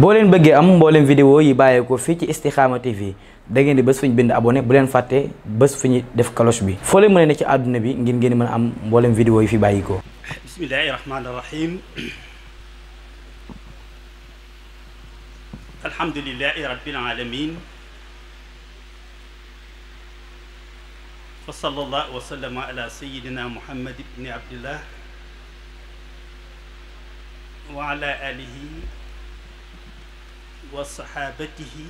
boo leen bëggee am mbooleem vidéo yi bàyyeekoo fii ci Istikhama TV da ngeen di bés fu ñu bind abonné bu leen fàtte bés fu ñu def cloche bi foo leen mën ne ci àdduna bi ngir ngeen mën a am mbooleem vidéo yi fi bàyyikoo bismillahi rahmaani rahim alhamdulilahi rabbil alamin wa sallallahu wa sallama ala sayidina muhammad ibni abdillah wa ala alihi wa saxaabatihi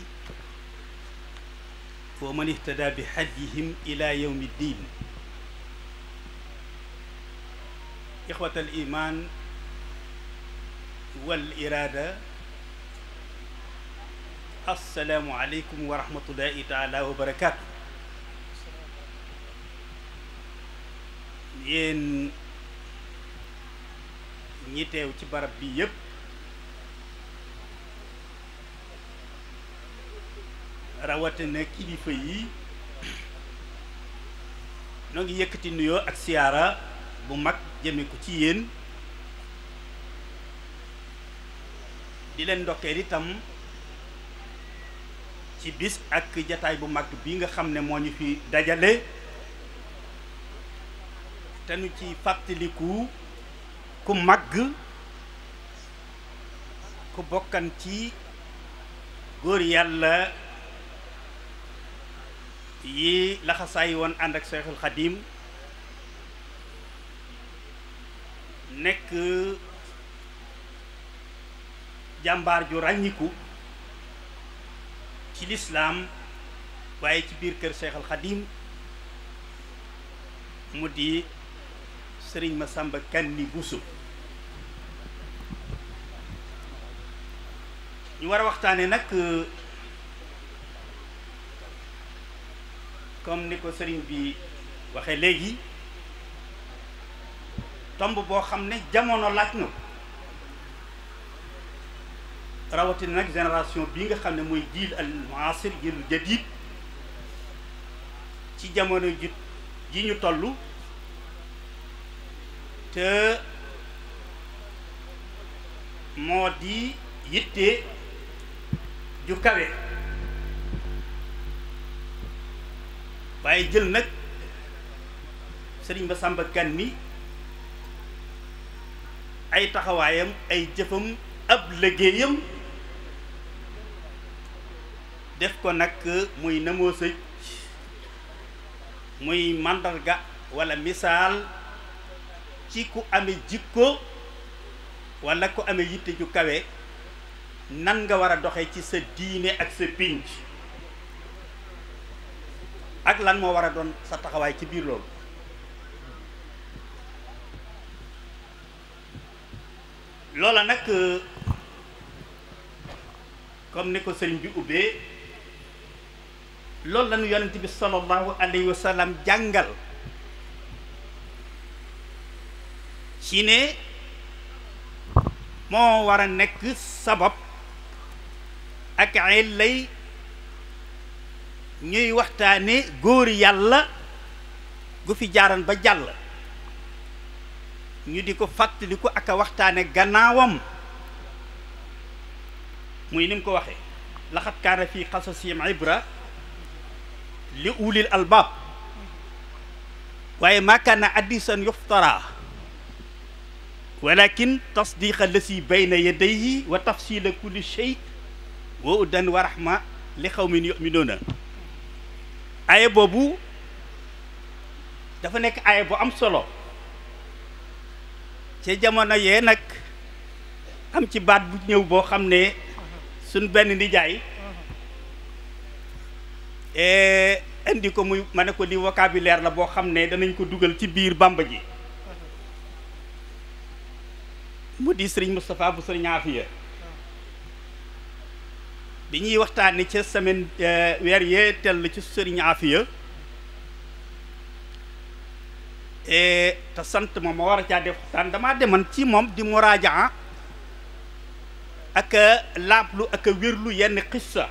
wa man ihtada bi hadyihim ila yawmi ddin ixwata al iman wal iraada assalaamu aleykum wa rahmatullahi taala wa barakaatu yéen ñi teew ci barab bi yépp rawatina kilifa yi noo ngi yëkkati nuyoo ak siyaara bu mag jëme ko ci yéen di leen ndokkeel itam ci bis ak jataay bu mag bi nga xam ne moo ñu fi dajale te nu ci fàttaliku ku mag ku bokkan ci góor yàlla yi laxasaay woon ànd ak Seexul Xadiim nekk jàmbaar ju ràññiku ci lislaam waaye ci biir kër Seexul Xadiim mu di sëriñ Masamba Kanni Bousso ñu war waxtaane nag comme ni ko sëriñ bi waxee léegi tomb boo xam ne jamono laaj na rawatina nag génération bi nga xam ne mooy jiil al muasir jiilul jadid ci jamono ji ji ñu tollu te moo di yitte ju kawe waaye jël nag sëriñ ba Samba Kan mi ay taxawaayam ay jëfam ab liggéeyam def ko nag muy namoo sëj muy màndarga walla misaal ci ku ame jikko walla ku ame yitte ju kawe nan nga war a doxe ci sa diine ak sa pinc ak lan moo war a doon sa taxawaay ci biir loolu loola nag euh, comme ni ko sëriñ bi ubbee loolu lañu yonent bi sallallahu alayhi wa jàngal ci moo war a nekk sabab ak ay ñuy waxtaane góor yàlla gu fi jaaran ba jàll ñu di ko fàttaliku ak a waxtaane gannaawam muy ni ko waxe laxat kaana fii xasasihim ibra li ulil albaab waaye maa kaana hadiisan yuftara walakin tasdiqa lasi bayna yadayhi wa tafsila kulli shay wa udan wa rahma li xawmin yuminuuna aye boobu dafa nekk aye bu am solo ci jamono yee nag am ci baat bu ñëw boo xam ne suñ benn nijaay e, indi ko muy ma ne ko di vocabulaire la boo xam ne danañ ko dugal ci biir bamba ji mu di sëriñ Moustapha bu sëriñ Afia bi ñuy waxtaanee ca semaine euh, weer yee tell ci sëriñ Afiya te sant moom ma war a caa def waxtaan damaa deman ci moom di muraajaa ak laablu ak wérlu yenn xissa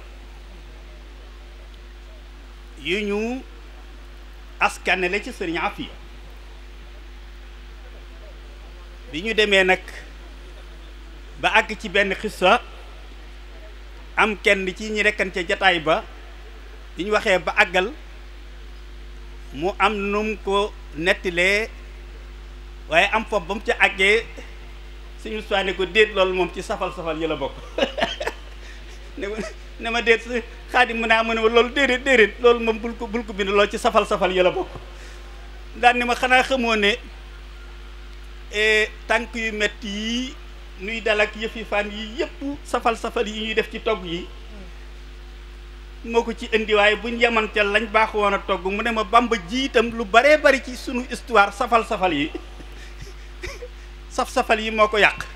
yu ñu askanele ca sëriñ Afiya bi ñu demee nag ba àgg ci benn xissa am kenn ci ñi rekkan ca jataay ba bi ñu waxee ba àggal mu am num ko nettilee waaye am fob ba mu ca àggee suñu soine ko déet lool moom ci safal-safal yi la bokk ne ma ne ma déet xaadim mu naa ah, mu ne loolu moom bul ko bul bind loolu ci safal-safal yi la bokk ni ma xanaa xamoo ne eh, tànk yu metti yii nuy dal ak yëfi fan yi yëpp safal-safal yi ñuy def ci togg yi moo ko ci indiwaay buñ yemanteel lañ baax woon a togg mu ne ma bamba jiitam lu baree bari ci sunu histoire safal-safal yi saf-safal yi moo ko yàq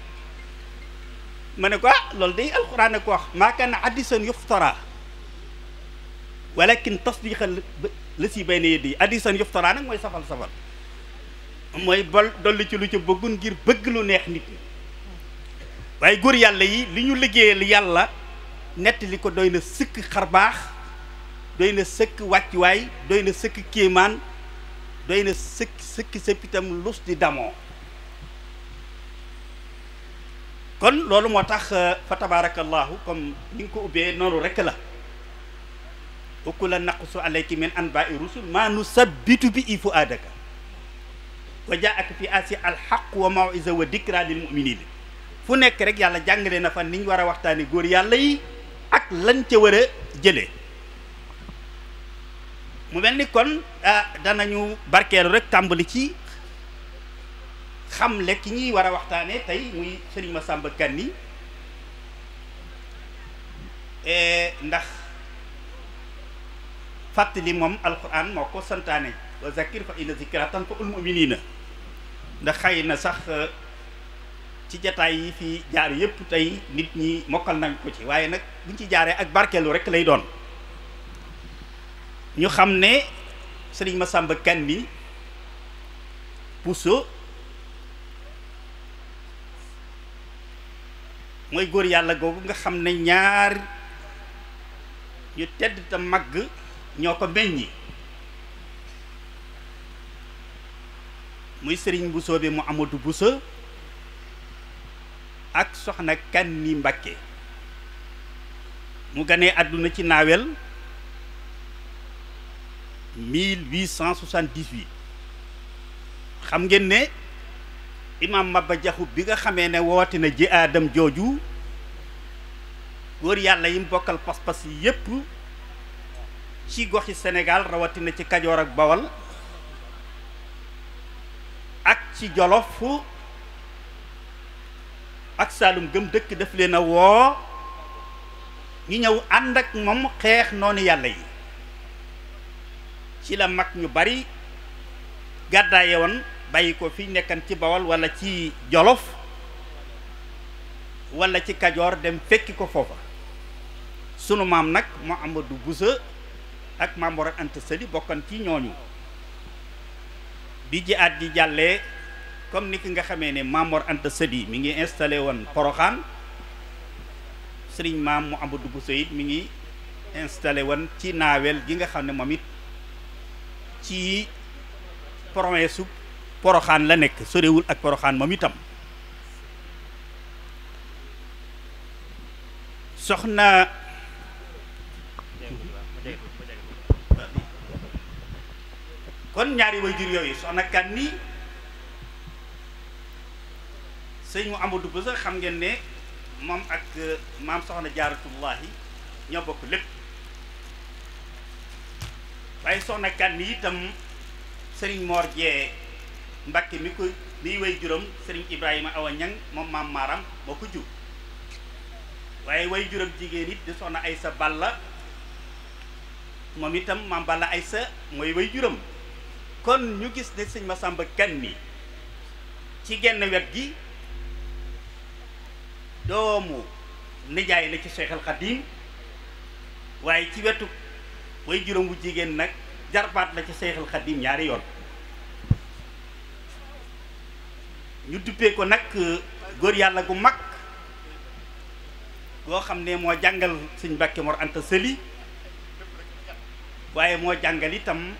ma ne ko ah de day alxuraan ko wax maa kaana hadiisan yuftaraa walakin tasdiqal la si bayna yeddi hadiisan yuftaraa nag mooy safal-safal mooy bol dolli ci lu ca bëggun ngir bëgg lu neex nit waaye góor yàlla yi li ñu liggéeyal yàlla nettali ko doy na sëkk xarbaax doy na sëkk wàccuwaay doy na sëkk kéemaan doy na sëkk sëkk sëppitam lus di damoo kon loolu moo tax euh, fa tabaarakallaahu comme ni nga ko ubbee noonu rekk la ukku la naqsu alayki min anbaai rusul maa nu sabbitu bi i fu aadaka wa jaaka fi asi alxaq wa mawisa wa dikra lil muminin fu nekk rek yàlla jàngale na fa niñ war a waxtaani góor yàlla yi ak lañ ca war a jëlee mu mel ni kon ah, danañu barkeelu rek tàmbali ci xamle ki ñuy war a waxtaane tey muy sëriñ Massamba Kanni e, ndax fàttali moom alquran moo ko santaane wa zakir fa inna zikra tanfa'ul mu'minina ndax xëy na sax ci jataay yi fii jaar yëpp tey nit ñi mokkal nañ ko ci waaye nag buñ ci jaaree ak barkeelu rekk lay doon ñu xam ne sëriñ Masamba Kan bi Bousso mooy góor yàlla googu nga xam ne ñaar yu tedd te màgg ñoo ko meññi muy sëriñ Bousso bi mu amatu Bousso ak soxna Kanni Mbakke mu ganee àdduna ci naawel 1878 xam ngeen ne imaam Maba Jaxu bi nga xamee ne wawatina ji aadam jooju góor yàlla yi mu bokkal pas-pas yépp ci goxi Sénégal rawatina ci Kajoor ak bawal ak ci Jolof ak Saalum gëm dëkk daf leen a woo ñu ñëw ànd ak moom xeex noonu yàlla yi ci la mag ñu bari gàddaaye bàyyi ko fi nekkan ci Bawol wala ci Jolof wala ci Kajoor dem fekki ko foofa sunu maam nag Mouhamadou Bousso ak Mame Mor Anta Saly bokkan ci ñooñu bi jihaad ji jàllee comme ni nga xamee ne Mamor Anta Sëdi mi ngi installé woon Poroxaan sëriñ maam mu Amadou Bousso it mi ngi installe woon ci naawel gi nga xam ne moom it ci promesse su Poroxaan la nekk sorewul ak Poroxaan moom itam soxna kon ñaari way jur yooyu soxna kan nii sëñ mu Amadou Bousso xam ngeen ne moom ak euh, maam soxna jaaratullahi ñoo bokk lépp waaye soxna kan ni itam sëriñ Mor Jee mbakk mi ko miy way juróom sëriñ Ibrahima Awa Ñang moom maam maaram moo ko waaye way juróom jigéen it di soxna Aysa Balla moom itam maam Balla Aysa mooy way juróom kon ñu gis ne sëñ Masamba kan mi ci genn wet gi doomu nijaay la ci Seexal Xadiim waaye ci wetu way juróom bu jigéen nag jarbaat la ci Seexal Xadiim ñaari yoon ñu duppee ko nag euh, góor yàlla gu mag goo xam ne moo jàngal sëñ Mbàkke Mor Anta Sëli waaye moo jàngal itam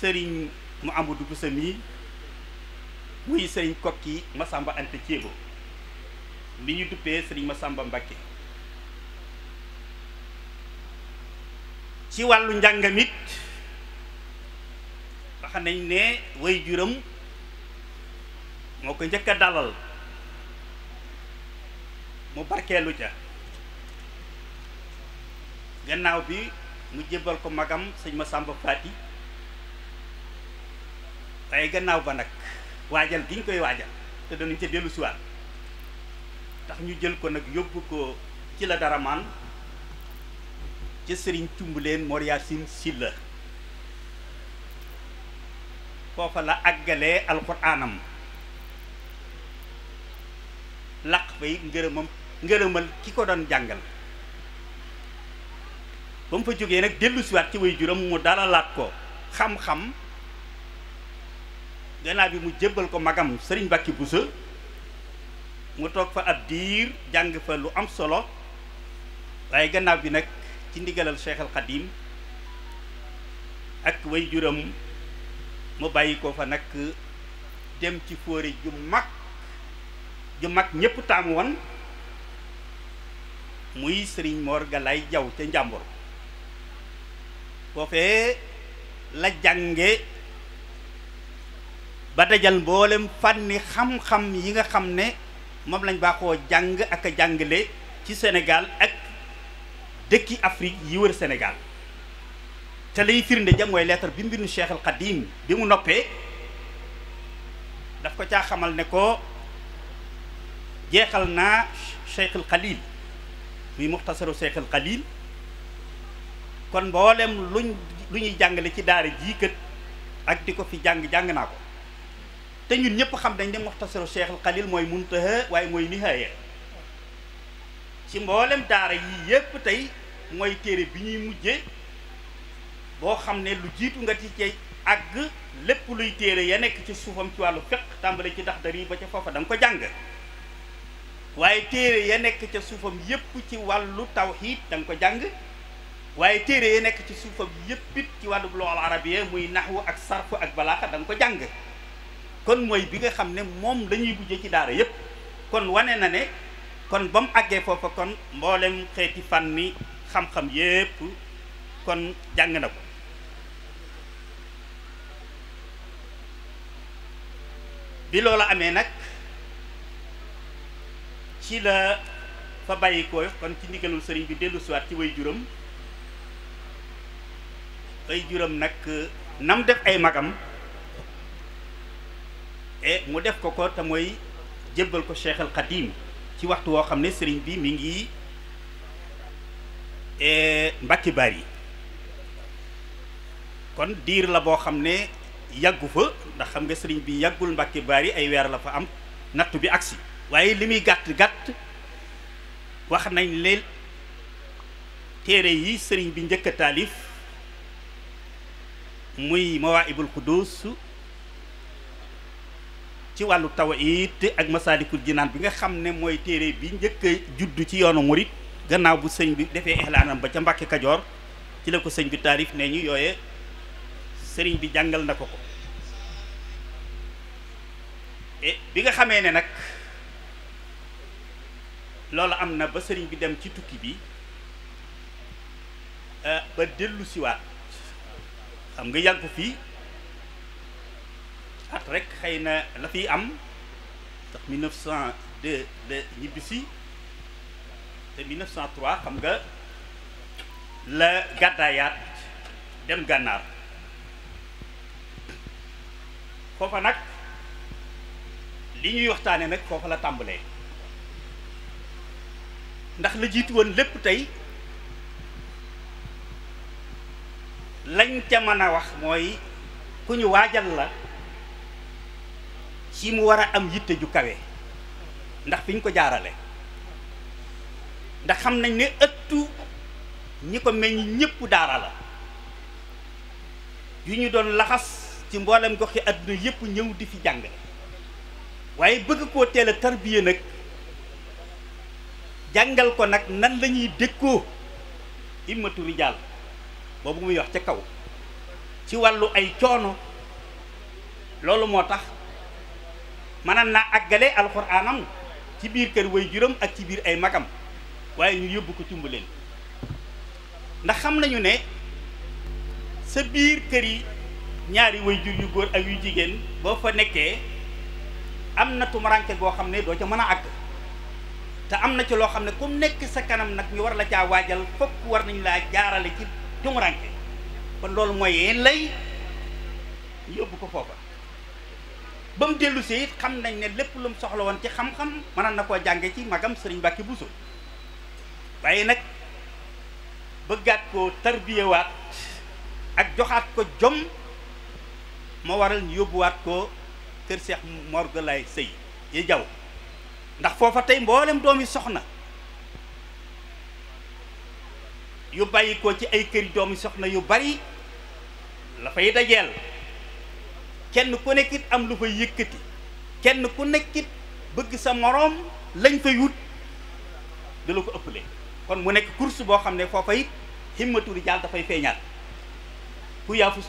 sëriñ mu amadu bu sa mii muy sëriñ kokki Masamba ant Ceebo li ñu duppee ma Masamba Mbàkke ci wàllu njàngamit wax nañ ne way juram moo ko njëkk a dalal mu barkeelu ca gannaaw bi mu jébbal ko magam sëñ Masamba Faati waaye gannaaw ba nag waajal gi ñu koy waajal te danañ ca dellu siwaat tax ñu jël ko nag yóbbu ko ci la dara maan ca sëriñ cumbuleen Mor Yaasin Silla foofa la àggalee alxuraanam laq fay ngërëmam ngërëmal ki ko doon jàngal ba mu fa jógee nag dellusiwaat ci way juram mu dalalaat ko xam-xam gannaaw bi mu jébbal ko magam sëriñ Mbàkke Buso mu toog fa ab diir jàng fa lu am solo waaye gannaaw bi nag ci ndigalal Cheikh al ak way juram mu bàyyi ko fa nag dem ci fóore ju mag ju mag ñépp taamu woon muy sëriñ Mor Galaay Jaw ca Njàmbur foofee la jànge ba dajal mboolem fànni xam-xam yi nga xam ne moom lañ baaxoo jàng ak a jàngale ci Sénégal ak dëkki Afrique yi wër Sénégal te lay firnde ja mooy lettre bi mbinu Cheikh al Qadim bi mu noppee daf ko caa xamal ne ko jeexal naa Cheikh al Khalil muy muxtasaru Cheikh al Khalil kon mboolem lu ñuy jàngale ci daara jii kët ak di ko fi jàng jàng naa ko te ñun ñëpp xam dañ dem muxtasaru Cheikhul Xalil mooy muntaha waaye mooy nihaaya ci mboolem daara yi yépp tey mooy téere bi ñuy mujje boo xam ne lu jiitu nga ci cee àgg lépp luy téere ya nekk ci suufam ci wàllu fiq tàmbale ci dax dari ba ca foofa da ko jàng waaye téere ya nekk ca suufam yépp ci wàllu tawxiid da nga ko jàng waaye téere ya nekk ci suufam yépp it ci wàllu luxal arabiya muy naxwu ak sarfu ak balaaxa da ko jàng kon mooy bi nga xam ne moom lañuy bujje ci daara yépp kon wane na ne kon ba mu àggee foofa kon mboolem xeeti fànni xam-xam yépp kon jàng na ko bi loola amee nag ci la fa bàyyi ko kon ci ndigalul sëriñ bi dellu siwaat ci way juróom way juróom nag nam def ay magam mu def ko ko te mooy jébbal ko Cheikh al ci waxtu woo xam ne sëriñ bi mi ngi e, Mbàkke Bari kon diir la boo xam ne yàggu fa ndax xam nga sëriñ bi yàggul Mbàkke Bari ay weer la fa am nattu bi agsi waaye li muy gàtt gàtt wax nañ leen téere yi sëriñ bi njëkk a taalif muy Mawaahibul Quddus ci wàllu tawhid ak masaalikul naan bi nga xam ne mooy téere bi njëkk juddu ci yoonu murit gannaaw bu sëñ bi defee ixlaanam ba ca Mbàkke Kajoor ci la ko sëñ bi taarif nee ñu yooye sëriñ bi jàngal na ko ko e, bi nga xamee ne nag loolu am na ba sëriñ bi dem ci tukki bi e, ba dellu siwaat xam nga yàgg fii at rek xëy na la fi am ndax 1902 la ñibbisi te 1903 xam nga la gàddaayaat dem gànnaar foofa nag li ñuy waxtaane nag foofa la tàmbalee ndax la jiitu woon lépp tey lañ ca mën a wax mooy ku ñu waajal la ci mu war a am yitte ju kawe ndax fi ko jaarale ndax xam nañ ne ëttu ñi ko meññ ñëpp daara yu ñu doon laxas ci mboolem gox ci àdduna yëpp ñëw di fi jàng waaye bëgg koo teel a tarbiye nag jàngal ko nag nan lañuy ñuy dékkoo immatu rijaal boobu muy yox ca kaw ci wàllu ay coono loolu moo tax mënal naa àggale alxuraanam ci biir kër way juróom ak ci biir ay magam waaye ñu yóbbu ko cumbaleen ndax xam nañu ne sa biir kër yi ñaari way jur yu góor ak yu jigéen boo fa nekkee am na tumuranke goo xam ne doo ca mën a àgg te am na ca loo xam ne ku nekk sa kanam nag ñu war la caa waajal fokk war nañ laa jaarale ci tumuranke kon loolu mooy lay yóbbu ko foofa ba mu dellu see it xam nañ ne lépp lu mu soxla woon ci xam-xam mënoon na koo jànge ci magam sëriñ Mbàkke Buso waaye nag bëggaat koo tarbiyewaat ak joxaat ko jom moo waral ñu yóbbuwaat ko kër Seex Mor Galaay Sëy yi jaw ndax foofa tey mboolem doomi soxna yu bàyyi ko ci ay kër doomi soxna yu bari la fay dajeel kenn ku nekkit am lu fa yëkkati kenn ku nekkit bëgg sa moroom lañ fay wut da la ko ëppalee kon mu nekk course boo xam ne foofa it himmatu rijaal dafay feeñaat ku yaafus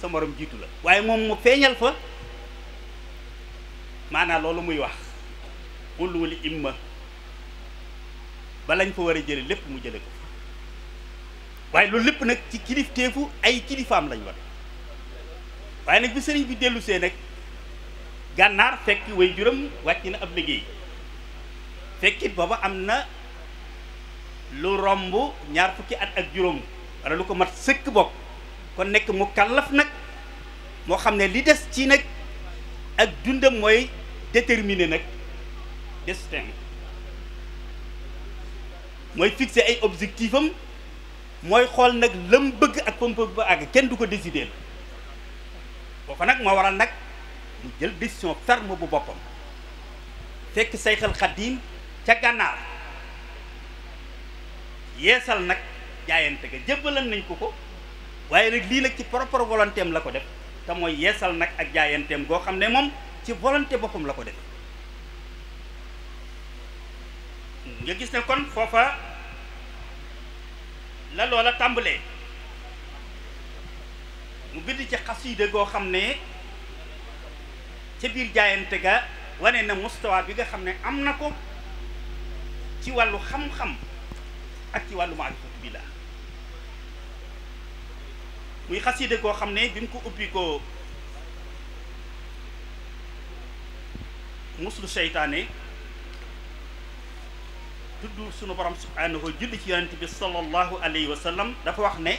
sa moroom jiitu la waaye moom mu feeñal fa maanaa loolu muy wax ul wali imma ba lañ fa war a jële lépp mu jële ko waaye loolu lépp nag ci kilifteefu ay kilifaam lañ war waaye nag bi sëriñ bi dellu see nag gànnaar fekk way juram wàcc na ab liggéey fekkit booba am na lu romb ñaar fukki at ak juróom wala lu ko mat sëkk bokk kon nekk mu kallaf nag moo xam ne li des ci nag ak dundam mooy déterminer nag destin mooy fixer ay objectif am mooy xool nag lam bëgg ak fa ba àgg kenn du ko décider la kooku nag moo waral nag mu jël décision ferme bu boppam fekk sayxal xaddiim ca gànnaar yeesal nag jaayante ga jébbalan nañ ko ko waaye nag lii nag ci propre volonté la ko def te mooy yeesal nag ak jaayanteem goo xam ne moom ci volonté boppam la ko def nga gis ne kon foofa la loola tàmbalee mu bind ci xasiida goo xam ne ca biir jaayante ga wane na mustawa bi nga xam ne am na ko ci wàllu xam-xam ak ci wàllu maarifatu billah muy xasiida goo xam ne bi mu ko ubbi ko muslu seytaane tudd sunu borom subhaanahu julli ci yonent bi sallallahu alayhi wa sallam dafa wax ne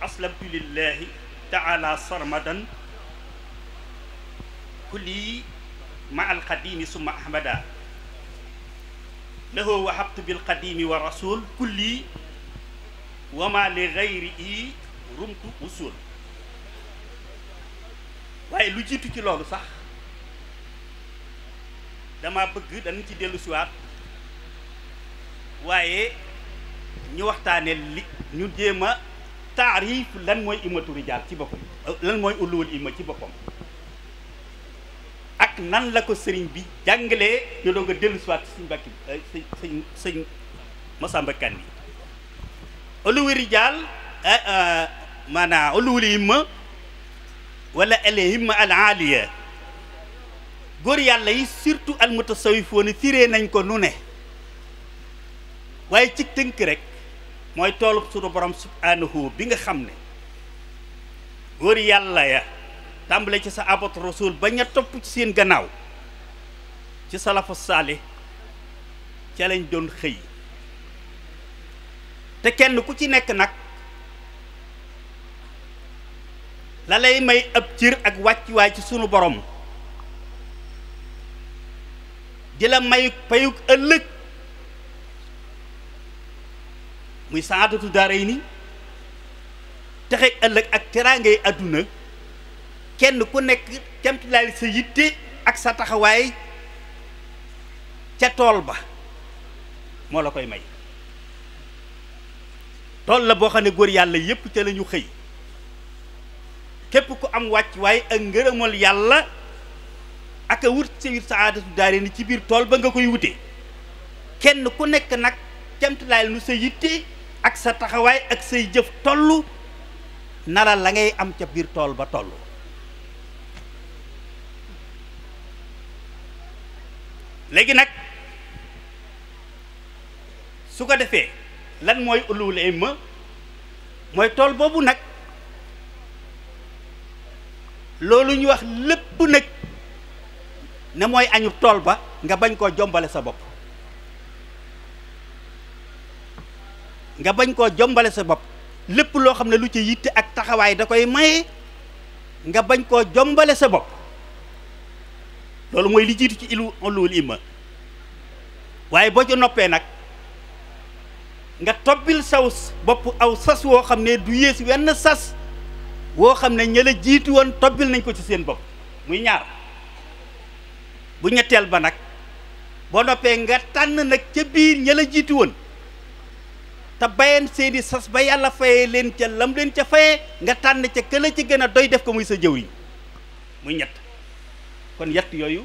aslamtu lillahi taala sarmadan kulli ma alqadimi summa ahmada lahu wahabtu bilqadimi wa rasul kulli wa ma li gayri i rumtu usul waaye lu jiitu ci loolu sax dama bëgg dañ ci dellu siwaat waaye ñu waxtaane li ñu jéem a taarif lan mooy imatu rijaal ci boppam lan mooy ulluwul ima ci boppam ak nan la ko sëriñ bi jàngalee ñu doog a dellu siwaat sëñ Mbàkke euh, sëñ sëñ sëñ Masamba Kanni ulluwu rijaal euh, euh, maanaam ulluwul imma wala al himma al aaliya góor yàlla yi surtout al mutasawifoon firee nañ ko nu ne waaye ci tënk rek mooy toolu suñu borom subhaanahu bi nga xam ne wër yàlla ya tàmbale ci sa abat rasul ba ñett topp ci seen gannaaw ci sa saali ca lañ doon xëy te kenn ku ci nekk nag la lay may ab cër ak wàccuwaay ci sunu boroom di la may payug ëllëg muy saadatu daaray ni texe ëllëg ak teraangay àdduna kenn ku nekk kemtilaali sa yitte ak sa taxawaay ca tool ba moo la koy may tool la boo xam ne góor yàlla yépp ca la ñu xëy képp ku am wàcc waaye ak ngërëmal yàlla ak a wut sa wut saadatu ni ci biir tool ba nga koy wute kenn ku nekk nag kemtilaali nu sa yitte ak sa taxawaay ak say jëf toll nara la ngay am ca biir tool ba toll léegi nag su ko defee lan mooy ulul ma mooy tool boobu nag loolu ñu wax lépp nekk ne mooy añu tool ba nga bañ koo jombale sa bopp nga bañ koo jombale sa bopp lépp loo xam ne lu ci yitte ak taxawaay da koy maye nga bañ koo jombale sa bopp loolu mooy li jiitu ci ilu ulul imma waaye boo ci noppee nag nga tobbil saw bopp aw sas woo xam ne du yées wenn sas woo xam ne ña la jiitu woon tobbil nañ ko ci seen bopp muy ñaar bu ñetteel ba nag boo noppee nga tànn nag ca biir ña la jiitu woon te bayan seeni sas ba yàlla fayee leen ca lam leen ca fayee nga tànn ca këla ci gën a doy def ko muy sa jëwriñ muy ñett kon yett yooyu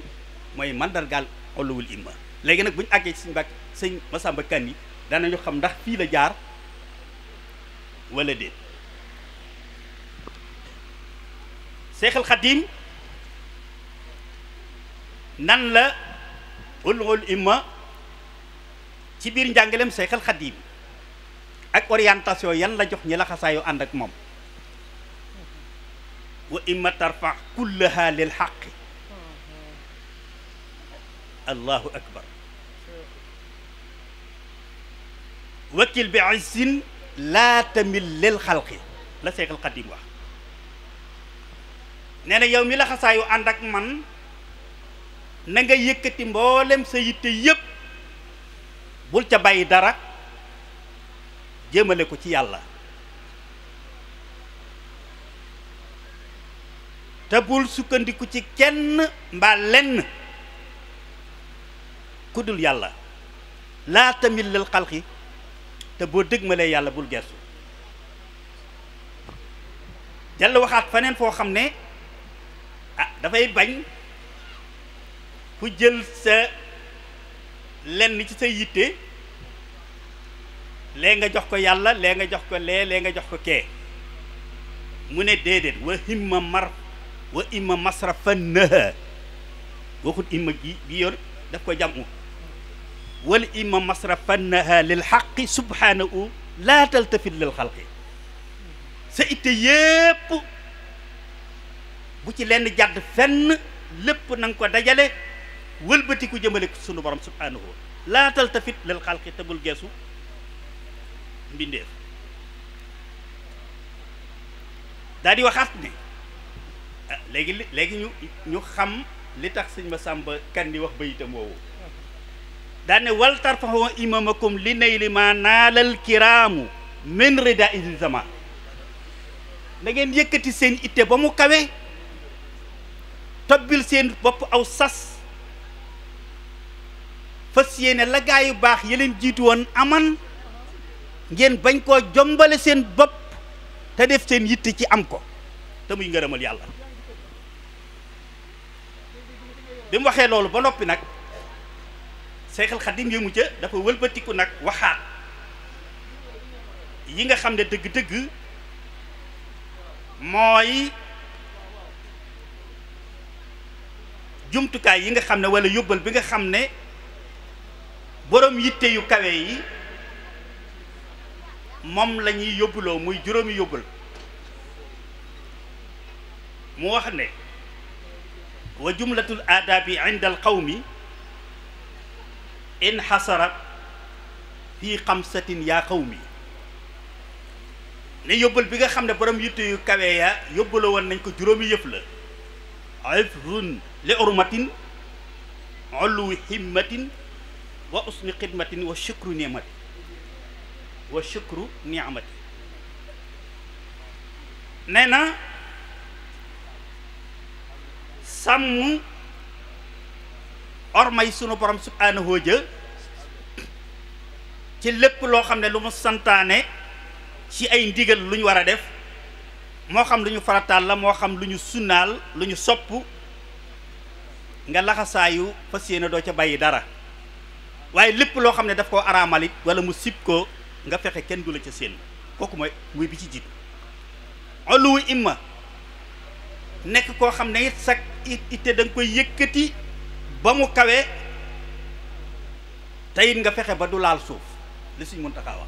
mooy mandargaal xolluwul imma léegi nag bu ñu àggee ci sëñ Mbàkke sëñ Masamba Kan xam ndax fii la jaar wala déet Seexal Xadiim nan la xolluwul imma ci biir njàngaleem Seexal Xadiim ak orientation yan la jox ñi la xasaayu ànd ak moom wa imma tarfa kullaha lil xaqi allahu akbar wakil bi isin laa tamil lil xalqi la seexal xadim wax nee na yow mi la xasaayu ànd ak man na nga yëkkati mboolem sa yitte yépp bul ca bàyyi dara jëmale ko ci yàlla te bul sukkandiku ci kenn mbaa lenn ku dul yàlla laa tamil lal xalqi te boo dëgmalee yàlla bul gersu jàll waxaat faneen foo xam ne ah dafay bañ ku jël sa lenn ci sa yitte lee nga jox ko yàlla lee nga jox ko lee lee nga jox ko kee mu ne déedéet wa himma mar wa imma masrafa naha waxut imma gi gi yor daf ko jàmm wal imma masrafa naha lil xaqi xalqi sa itte yépp bu ci lenn jàdd fenn lépp na ko dajale wëlbatiku jëmale sunu borom subhanahu laa tafit lil xalqi te bul geesu mbindeef daal di waxaat ne ah, léegi léegi ñu ñu xam li tax sëñ ma sàmba kan di wax bayitam woowu daal ne wal tarfaxu imamakum li nay li ma naalal kiraamu min rida isil zama da ngeen yëkkati seen itte ba mu kawe tobbil seen bopp aw sas fas yéene la gaa yu baax yi leen jiitu woon aman ngeen bañ koo jombale seen bëpp te def seen yitte ci am ko te muy ngërëmal yàlla bi mu waxee loolu ba noppi nag Seexal Xadim yëmu ca dafa wëlbatiku nag waxaat yi nga xam ne dëgg-dëgg mooy jumtukaay yi nga xam ne wala yóbbal bi nga xam ne borom yitte yu kawe yi moom la ñuy yóbbuloo muy juróomi yóbbul mu wax ne wa jumlatul aadaabi inda al qawmi inxasarat fi xamsatin yaa qawmi ne yóbbal bi nga xam ne borom yitte yu kawe ya yóbbaloo woon nañ ko juróomi yëf la ifrun li urmatin ulwi himmatin wa usni xidmatin wa shukru nimatin wa shukru niamati nee na sàmm ormay sunu borom subhaanahu ja ci lépp loo xam ne lu mu santaane ci ay ndigal lu ñu war a def moo xam lu ñu farataal la moo xam lu ñu sunnaal lu ñu sopp nga laxasaayu fas yéene doo ca bàyyi dara waaye lépp loo xam ne daf koo araamalit wala mu sib ko nga fexe kenn du la ca seen kooku mooy muy bi ci jiit olu imma nekk koo xam ne it sag itte da nga koy yëkkati ba mu kawee te nga fexe ba du laal suuf li suñ mën taxaa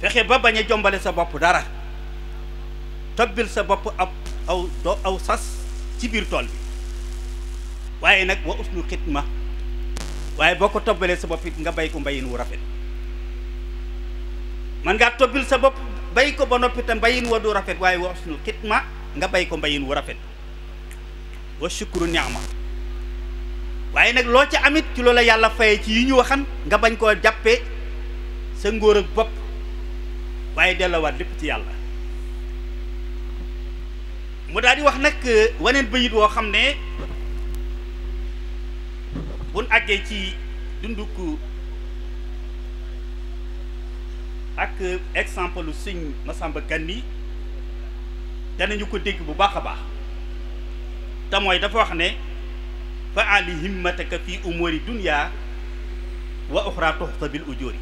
fexe ba bañ a jombale sa bopp dara tobbil sa bopp ab aw do aw sas ci biir tool bi waaye nag wa usnu xitma waaye boo ko tobbalee sa bopp nga bay ko mbayin wu rafet man ngaa tobbil sa bopp bay ko ba noppi te mbayin wa du rafet waaye wax sunu xitma nga bay ko mbayin wu rafet wa waaye nag loo ci amit ci loola yàlla faye ci yi ñu waxan nga bañ koo jàppee sa ngóor ak bopp waaye dellowaat lépp ci yàlla mu daal di wax nag waneen bayit woo xam ne buñ àggee ci dunduk ak exemple sëñ Masamba Kan mi danañu ko dégg bu baax a baax te mooy dafa wax ne fa ali himmataka fi umuri dunya wa uxra tuxta bil ujuri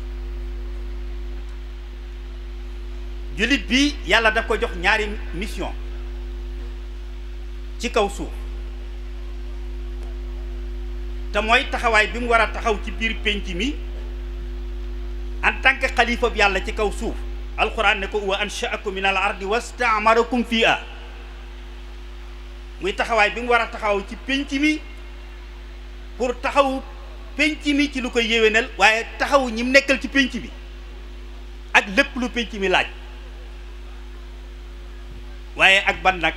jullit bi yàlla daf ko jox ñaari mission ci kaw suuf te mooy taxawaay bi mu war a taxaw ci biir pénc mi en tant que xalifa bi yàlla ci kaw suuf alxuraan ne ko wa anshaakum min al ardi wastaamarakum fii a muy taxawaay bi mu war a taxaw ci pénc mi pour taxaw pénc mi ci lu koy yéwénal waaye taxaw ñi mu nekkal ci pénc bi ak lépp lu pénc mi laaj waaye ak ban nag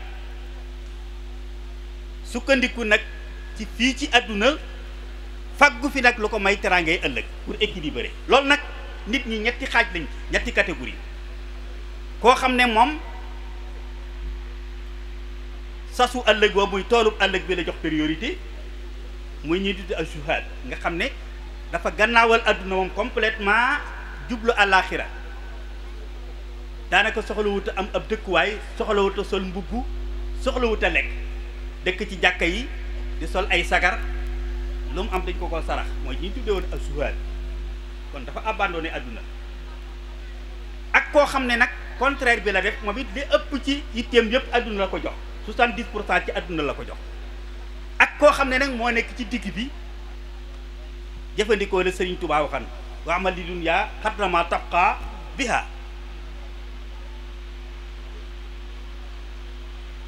sukkandiku nag ci fii ci àdduna faggu fi nag lu ko may teraangay ëllëg pour équilibrer loolu nag nit ñi ñetti xaaj lañ ñetti catégorie koo xam ne moom sasu ëllëg boobu muy toolub ëllëg bi la jox priorité muy ñuy tudd ak suhaad nga xam ne dafa gannaawal adduna moom complètement jublu àllaaxira daanaka soxlawut a am ab dëkkuwaay soxlawut a sol mbubb soxlawut a lekk dëkk ci jàkka yi di sol ay sagar lu mu am dañ ko ko sarax mooy ñi ñu tuddee woon ak zuhaad kon dafa abandonné àdduna ak koo xam ne nag contraire bi la def moom it li ëpp ci yitteem yëpp àdduna la ko jox soixante-dix pour cent ci àdduna la ko jox ak koo xam ne nag moo nekk ci digg bi jëfandikoo la Sëriñ Tuubaa waxan wa amal li dunya qadra ma tabqa biha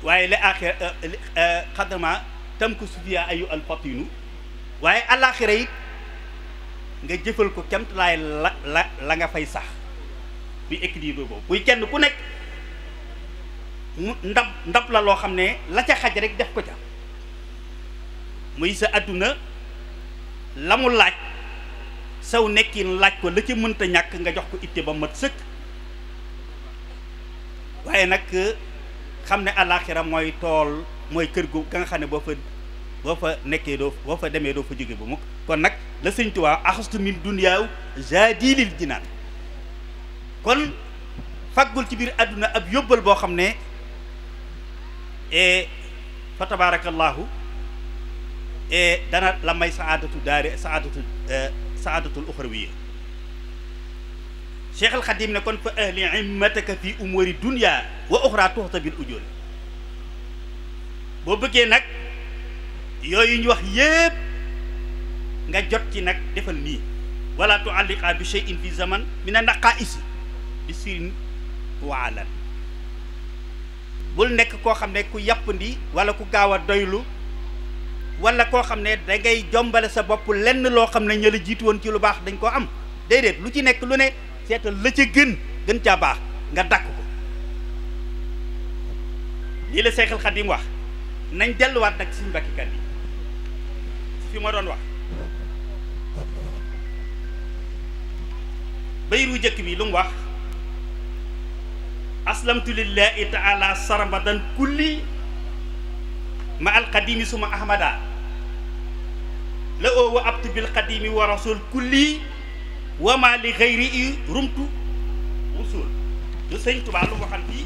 waaye la axir xadrama eh, eh, tam ko sufiya ayu al fatinu waaye àllaaxira it nga jëfal ko kemt la la la nga fay sax muy équilibre boobu buy kenn ku nekk mu ndab ndab la loo xam ne la ca xaj rek def ko ca muy sa àdduna la mu laaj sew nekkin laaj ko la ci mënta ñàkk nga jox ko itte ba mat sëkk waaye nag xam ne àllaaxira mooy tool mooy kër gu ga nga xam ne boo fa boo fa nekkee doo boo fa demee doo fa jóge ba mukk kon nag la sëñ Tuubaa axastu min dunyaaw jaadilil jinaan kon faggul ci biir àdduna ab yóbbal boo xam ne e fa tabaarakallaahu e dana la may saadatu daari saadatu e, saadatul uxrawiyya Cheikh al Xadim ne kon fa ahli immataka fi boo bëggee nag yooyu ñu wax yépp nga jot ci nag defal nii wala tualliqa bi shay'in fi zaman min a naqaisi bi sirin waalan bul nekk koo xam ne ku yàppandi wala ku gaaw a doylu wala koo xam ne da ngay jombale sa bopp lenn loo xam ne ña la jiitu woon ci lu baax dañ koo am déedéet lu ci nekk lu ne seetal la ca gën gën caa baax nga dàkk ko lii la Seexal Xadim wax nañ delluwaat nag suñ bakkikat yi fi ma doon wax bayru jëkk bi lu mu wax aslamtu lillahi taala sarmadan kulli ma alqadimi suma ahmada la oo abtu bil qadimi wa rasul kulli wa ma li xayri i rumtu wusul lu sëñ Tuubaa lu waxal fii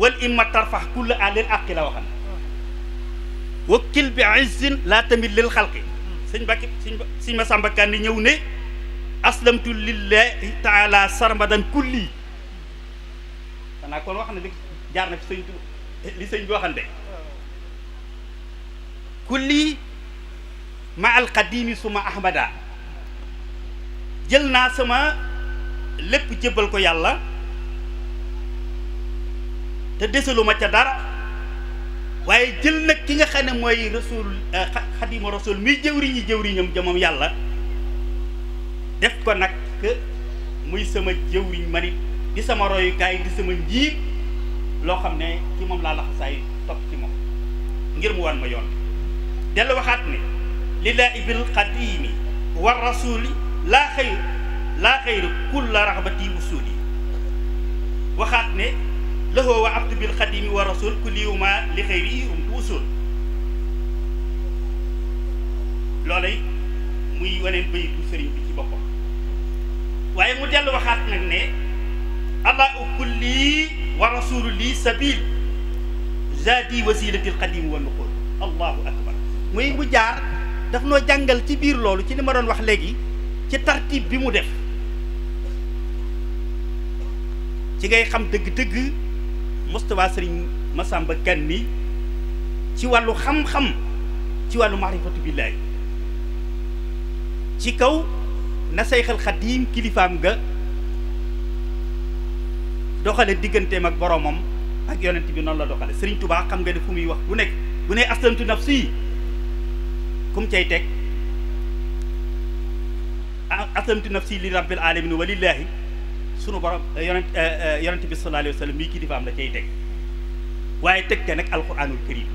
wal imma tarfax kull alil aqi la waxal wakkil bi izzin laa tamit lil xalqi sëñ Bakki sëñ sëñ ñëw ne aslamtu lillahi sarmadan kulli xanaa kon wax na li jaar na fi sëñ li sëñ bi waxante kulli ma alqadimi suma ahmada jël naa sama lépp jébbal ko yàlla te desaluma ca dara waaye jël nag ki nga xam ne mooy rasul euh, xadima rasul muy jëwriñi jëwriñam ja moom yàlla def ko nag muy sama jëwriñ man it di sama royukaay di sama njiit loo xam ne ci moom laa laxasaay topp ci moom ngir mu wan ma yoon dellu waxaat ne lilaa ibil qadimi wa rasuli laa xayru laa xayru kulla raxbati usuli waxaat ne lahoo wa abdu bil xadimi wa rasul ku liiwuma li xëyri um usul loola it muy waneen bayitu sëriñ bi ci boppam waaye mu dellu waxaat nag ne allahu kulli wa rasulu lii sabil jadi wasilatil xadim wa nuqul allahu akbar muy mu jaar daf noo jàngal ci biir loolu ci li ma doon wax léegi ci tartib bi mu def ci ngay xam dëgg-dëgg sëriñ Serigne Massamba Kane mi ci wàllu xam-xam ci wàllu maarifatu billaahi ci kaw na sayxal xadiim kilifaam ga doxale digganteem ak boroomam ak yonent bi noonu la doxale Serigne tubaa xam nga ne fu muy wax bu nekk bu ne aslamtu nafsi kum cay teg aslamtu nafsi li rabbil alamin wa sunu borom eh, yonent eh, eh, yonent bi sallallahu mi wa sallam mii kilifaam la cay teg waaye teg te nag alquranul karim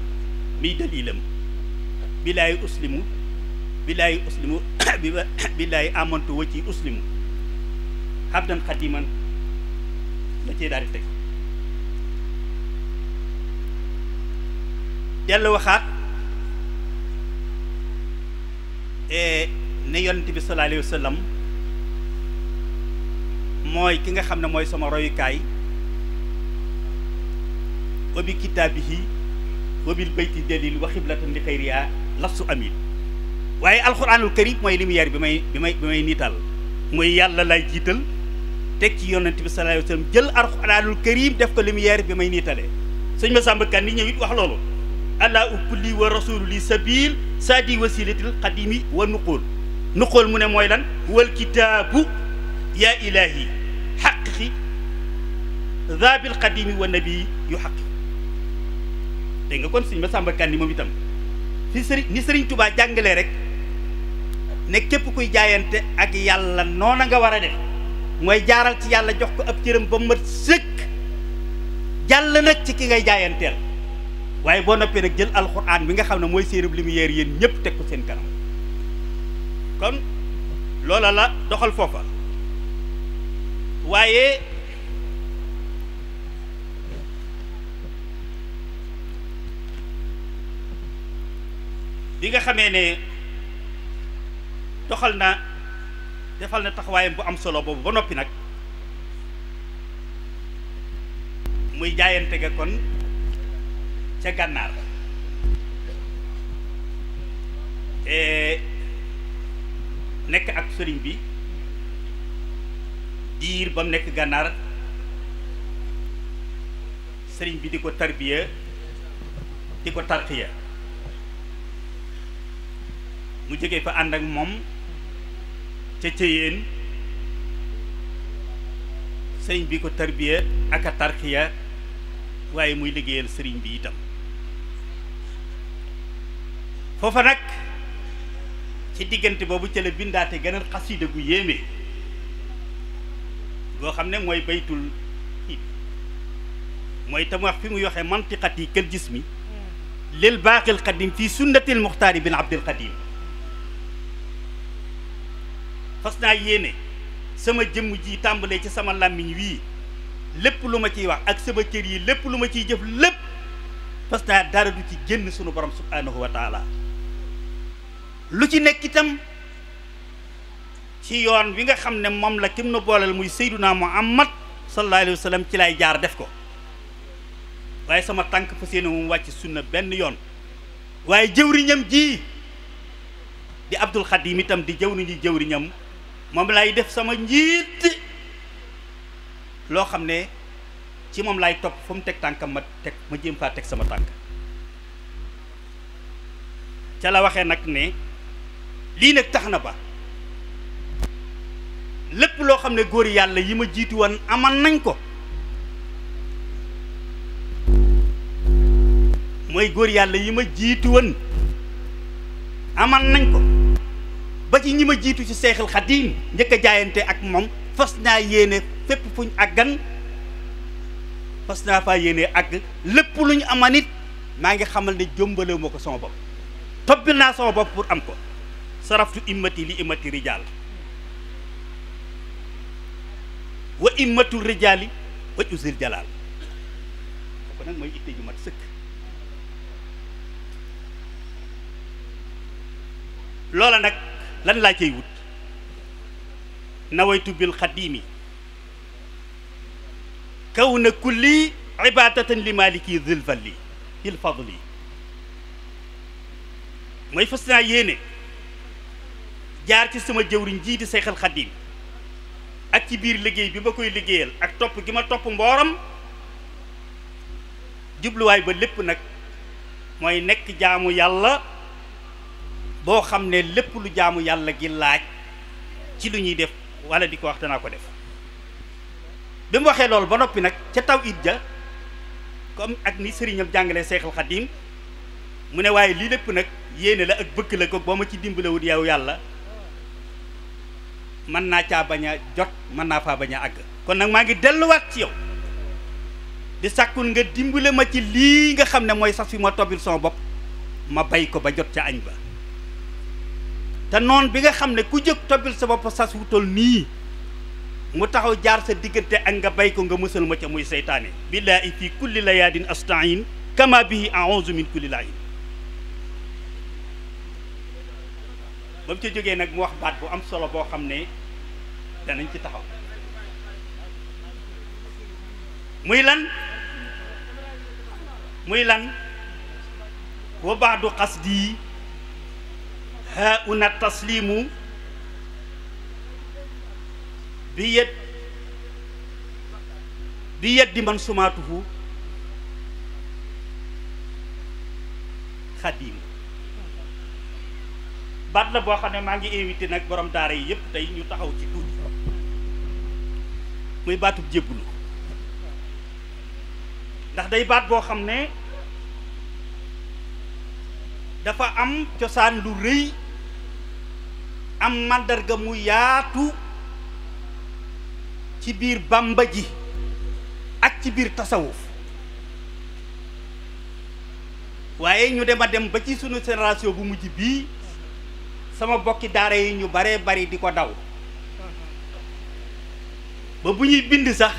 miy dalilam bilaay uslimu bilaay uslimu bilaay amantu wa ci uslimu habdan xadiman la cay daal di teg dellu waxaat ne yonent bi sallallahu alayhi wa mooy ki nga xam ne mooy sama royukaay wa bi kitaabihi wa bil bayti dalil wa xiblatan li xayriha lafsu amin waaye alxuraanul karim mooy lumière bi may bi may bi may niital mooy yàlla lay jiital teg ci yonent bi sallallahu alayhi wasallam jël alxuraanul karim def ko lumière bi may niitalee sëñ Massamba Kane ni ñëw it wax loolu ala ukulli wa rasululi sabil saadi wasilatil qadimi wa nuqul nuqul mu ne mooy lan wal kitaabu yaa ilahi zaabil xadimi wa nabi yu xaqi dégg nga kon sëñ Masamba Kanni moom itam fi sëriñ ni sëriñ Tubaa jàngalee rek ne képp kuy jaayante ak yàlla noona nga war a def mooy jaaral ci yàlla jox ko ab cëram ba mat sëkk jàll nag ci ki ngay jaayanteel waaye boo noppee nag jël alxuraan bi nga xam ne mooy séerub lumière yéen ñëpp teg ko seen kanam kon loola la doxal foofa waaye bi nga xamee ne doxal na defal na taxawaayam bu am solo boobu ba noppi nag muy jaayante ga kon ca gànnaar e, nekk ak sëriñ bi diir ba nekk gànnaar sëriñ bi di ko tarbiya di ko tarxiya mu jege fa ànd ak moom ca cëyeen sëriñ bi ko tarbiya ak tarxiya waaye muy liggéeyal sëriñ bi itam foofa nag ci diggante boobu ca la bindaate geneen xasida gu yéeme boo xam ne mooy baytul mooy tam fi mu yoxee mantiqat yi kël gis mi lil baaxil xadim fii sunnatil muxtaari bin abdil xadim fas naa yéene sama jëmm ji tàmbalee ci sama làmmiñ wii lépp lu ma ciy wax ak sama kër yi lépp lu ma ciy jëf lépp fas naa dara du ci génn sunu borom subhaanahu wa taala lu ci nekk itam ci yoon wi nga xam ne moom la kim nu booleel muy Seyduna Muhammad sallallahu alayhi wa sallam ci lay jaar def ko waaye sama tànk fas yéene moom wàcc sunna benn yoon waaye jëwriñam ji di Abdul Xadim itam di jëwriñu jëwriñam moom lay def sama njiit loo xam ne ci moom lay topp fu mu teg tànkam ma teg ma jéem faa teg sama tànk ca la waxee nag ne lii nag tax na ba lépp loo xam ne góor yàlla yi ma jiitu woon aman nañ ko mooy góor yàlla yi ma jiitu woon aman nañ ko ba ci ñi ma jiitu ci seexal xadiim njëkk a jaayante ak moom fas naa yéene fépp fuñ àggan fas naa faa yéene àgg lépp lu ñu aman it maa ngi xamal ne jombalewu ma ko sama bopp tobbil naa sama bopp pour am ko saraftu immati li immati rijaal wa immatul rijaali wa usil jalaal loola nag lan laa cay wut nawaytu bil xadiimi kaw na kulli ibaadatan li maliki zil fadli il fadli mooy fas naa yéene jaar ci sama jëwriñ jii di Seexal Xadiim ak ci biir liggéey bi ma koy liggéeyal ak topp gi ma topp mbooram jubluwaay ba lépp nag mooy nekk jaamu yàlla boo xam ne lépp lu jaamu yàlla gi laaj ci lu ñuy def wala di ko wax danaa ko def bi mu waxee loolu ba noppi nag ca taw it ja comme ak ni sëriñam jàngale Seexul Xadiim mu ne waaye lii lépp nag yéene la ak bëgg la ko boo ma ci dimbalewut yaw yàlla mën naa caa bañ a jot mën naa faa bañ a àgg kon nag maa ngi delluwaat ci yow di sàkkul nga dimbale ma ci lii nga xam ne mooy sax fi ma tobil sama bopp ma bay ko ba jot ca añ ba te noon bi nga xam ne ku jóg tobbil sa bopp sas wutal nii mu taxaw jaar sa diggante ak nga bay ko nga mësal ma ca muy seytaane billaahi fii kulli layaadin astain kama bihi a'uuzu min kulli laayin ba mu ca jógee nag mu wax baat bu am solo boo xam ne danañ ci taxaw muy lan muy lan wa baadu qasdi haa una taslimu bi yet bi yet di man sumaatuhu xadim baat la boo xam ne maa ngi invité nag borom daara yi yëpp tey ñu taxaw ci tuuti muy baatub jébbulu ndax day baat boo xam ne dafa am cosaan lu rëy am màndarga mu yaatu ci biir bàmba ji ak ci biir tasawuf waaye ñu dem a dem ba ci sunu génération bu mujj bii sama bokki daara yi ñu baree bari di ko daw ba bu ñuy bind sax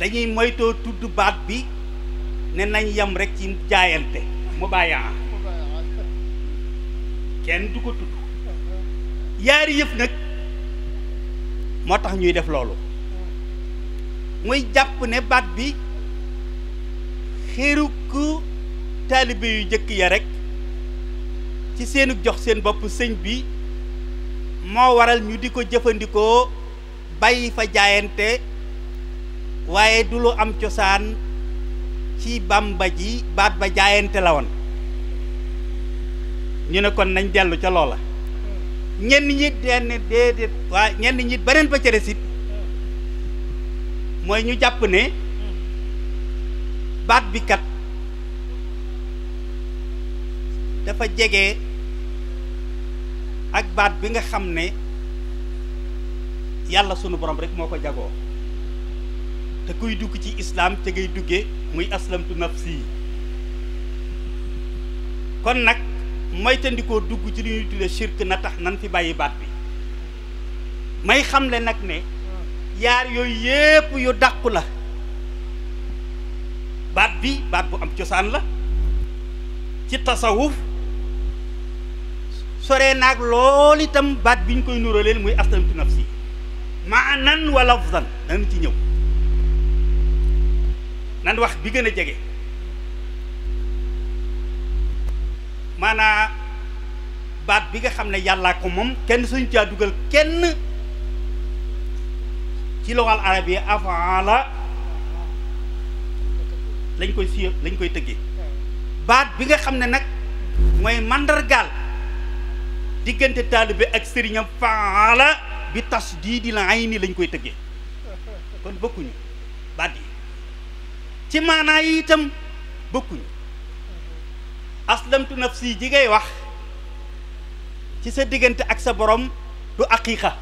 dañuy moytoo tudd baat bi ne nañ yam rekk ci jaayante mu bàyyi kenn du ko tudd yaar yëf nag moo tax ñuy def loolu muy jàpp ne baat bi xéruk taalibe yu jëkk ya rekk ci seenu jox seen bopp sëñ bi moo waral ñu di ko jëfandikoo bàyyi fa jaayante waaye du lu am cosaan ci bàmba ji baat ba jaayante la woon ñu ne kon nañ dellu ca loola ñenn ñi deen déedéet waaye ñenn ñi beneen ba ca sit mooy ñu jàpp ne baat bi kat dafa jege ak baat bi nga xam ne yàlla sunu borom rek moo ko jagoo te kuy dugg ci islaam te ngay dugge muy aslamtu nafsi kon nag moytandikoo dugg ci li ñuy tuddee shirk na tax nan fi bàyyi baat bi may xamle nag ne yaar yooyu yépp yu dàqu la baat bi baat bu am cosaan la ci tasawuf sore naag lool itam baat bi ñu koy nuraleel muy aslamtu nafsi maanan wa lafzan danañ ci ñëw nan wax bi gën a jege maanaa baat bi nga xam ne yàllaa ko moom kenn suñ caa dugal kenn ci loxal arab yi la lañ koy si lañ koy tëggee baat bi nga xam ne nag mooy màndargaal diggante taalibe ak sëriñam la bi tasdiidil ayni lañ koy tëggee kon bokkuñu baat yi ci maanaa yi itam bokkuñu aslamtu nafsi ji ngay wax ci sa diggante ak sa boroom du aqiiqa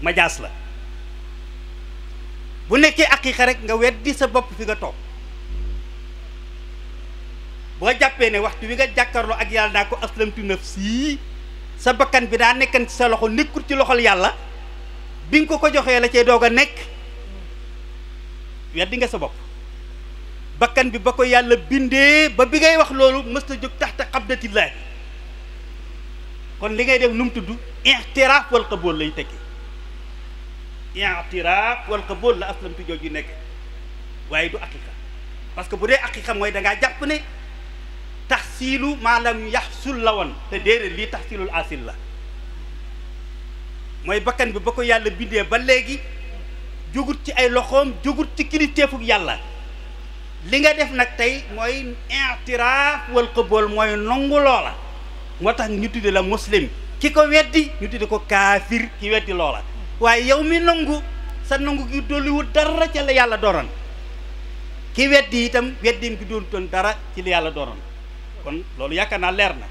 majaas la bu nekkee aqiiqa rek nga weddi sa bopp fi nga toog boo jàppee ne waxtu wi nga jàkkarloo ak yàlla naa ko aslamtu nafsi sa bakkan bi daa nekkan ci sa loxo nekkul ci loxol yàlla bi nga ko ko joxee la cee doog a nekk weddi nga sa bopp bakkan bi ba ko yàlla bindee ba bi ngay wax loolu mës na tax taxta xabdatillaah kon li ngay def nu mu tudd i'tiraaf wal qabool lay tekki i'tiraaf wal la aslamtu jooju nekk waaye du aqiqa parce que bu dee aqiqa mooy da ngaa jàpp ne taxsiilu maalam yaxsul la woon te déedéet lii taxsiilul asil la mooy bakkan bi ba ko yàlla bindee ba léegi jógut ci ay loxoom jógut ci kilifteefug yàlla li nga def nag tey mooy i'tiraaf wal qabool mooy nongu loola moo tax ñu tudde la muslim ki ko weddi ñu tudde ko kaafir ki weddi loola waaye yow mi nangu sa nangu gi dolliwul dara ca la yàlla dooran ki weddi itam weddim gi doon toon dara ci la yàlla dooran kon loolu yaakaar naa leer na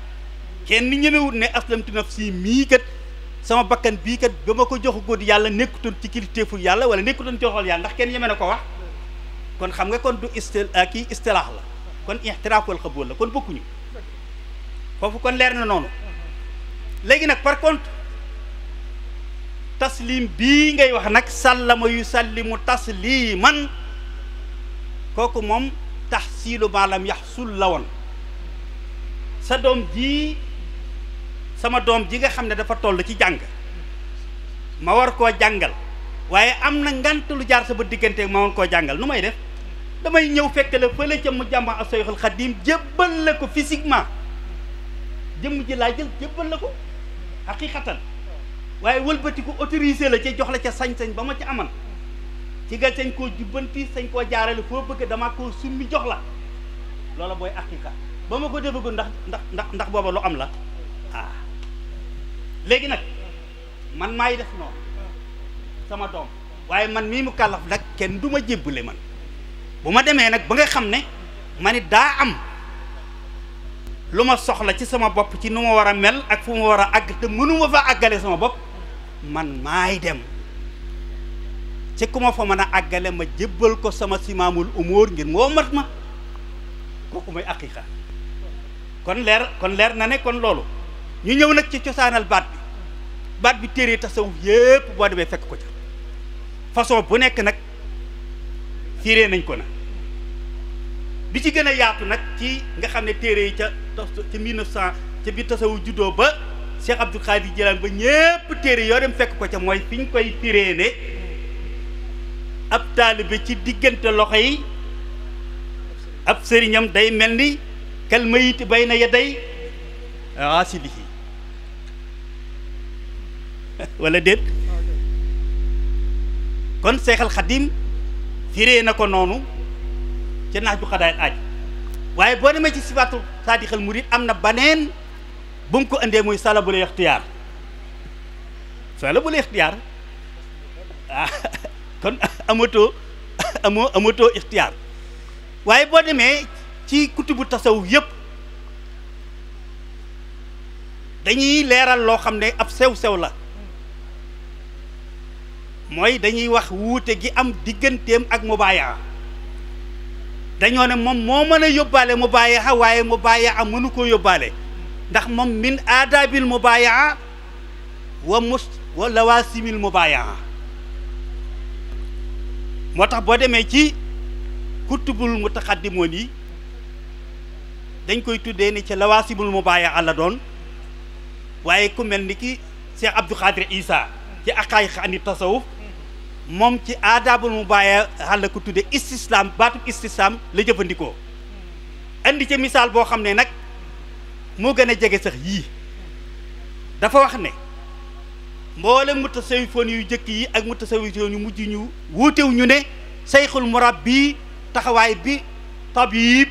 kenn ñemewut ne aslamtu nafsi mii kat sama bakkan bii kat ba ma ko jox góor yàlla nekkutoon ci kilifteefu yàlla wala nekkutoon ci loxol yàlla ndax kenn yeme na ko wax kon xam nga kon du istil euh, kii istilaax la kon ixtiraaf wal xabool la kon bokkuñu foofu kon leer na noonu léegi nag par contre taslim bii ngay wax nag sàllama yu sàllimu tasliman kooku moom tax taxsiilu maalam suul la woon sa doom ji sama doom ji nga xam ne dafa toll ci jàng ma war koo jàngal waaye am na ngant lu jaar sama diggante ma war koo jàngal nu may def damay ñëw fekk la fële ca mu jàmba ak Seyxul Xadim jébbal la ko physiquement jëmm ji laa jël jébbal la ko xaqiqatan waaye wëlbatiku autorisé la ca jox la ca sañ-sañ ba ma ca aman ci ga sañ koo jubbanti sañ koo jaarale foo bëgg damaa koo summi jox la loola booy aqiqa ba ma ko defagul ndax ndax ndax ndax booba lu am la ah léegi nag man maay def noonu sama doom waaye man mii mu kàllaf nag kenn du ma jébbale man bu ma demee nag ba nga xam ne ma ni daa am lu ma soxla ci sama bopp ci nu ma war a mel ak fu ma war a àgg te mënuma fa àggale sama bopp man maay dem ci ku ma fa mën a àggale ma jébbal ko sama simaamul umóor ngir moo mat ma kooku mooy kon leer kon leer na ne kon loolu ñu ñëw nag ci cosaanal baat bi baat bi téere tasawuf yépp boo demee fekk ko ca façon bu nekk nag fiire nañ ko na bi ci gën a yaatu nag ci nga xam ne téere yi ca ca mille neuf cent ca bi tasawu juddoo ba Cheikh Abdou Khadir Jilaan ba ñépp téere yoo dem fekk ko ca mooy fi ñu koy firee ne ab taalibe ci diggante loxo yi ab sëriñam day mel ni kal mayit bay na yaday raasilihi wala déet ah, kon Seexal Xadim firee na ko noonu ca nax ju xadaayat aaj waaye boo demee ci sifaatu saadixal murid am na baneen bu mu ko indee muy salabul ixtiyaar salabul ixtiyaar ah kon amatoo amoo amatoo waaye boo demee ci kutubu tasawuf yëpp dañuy leeral loo xam ne ab sew-sew la mooy dañuy wax wuute gi am digganteem ak mubaaya dañoo ne moom moo mën a yóbbaale mubaayaa waaye mubaayaa mënu koo yóbbaale ndax moom min aadaabil mubaayaa wa mus wa lawaasimil mubaayaa moo tax boo demee ci kutubul mutaqaddimoon yi dañ koy tuddee ni ci lawaasimul mubaayaa la doon waaye ku mel ni ki Cheikh Abdou Khadir Isa ci aqaay xani tasawuf moom ci aadaabul mu bàyyi xàll ko tudde istislaam baatu istislaam la jëfandikoo indi ca misaal boo xam ne nag moo gën a jege sax yii dafa wax ne mboole mutasawifoon yu jëkk yi ak mutasawifoon yu mujj ñu wuutew ñu ne sayxul bi taxawaay bi tabib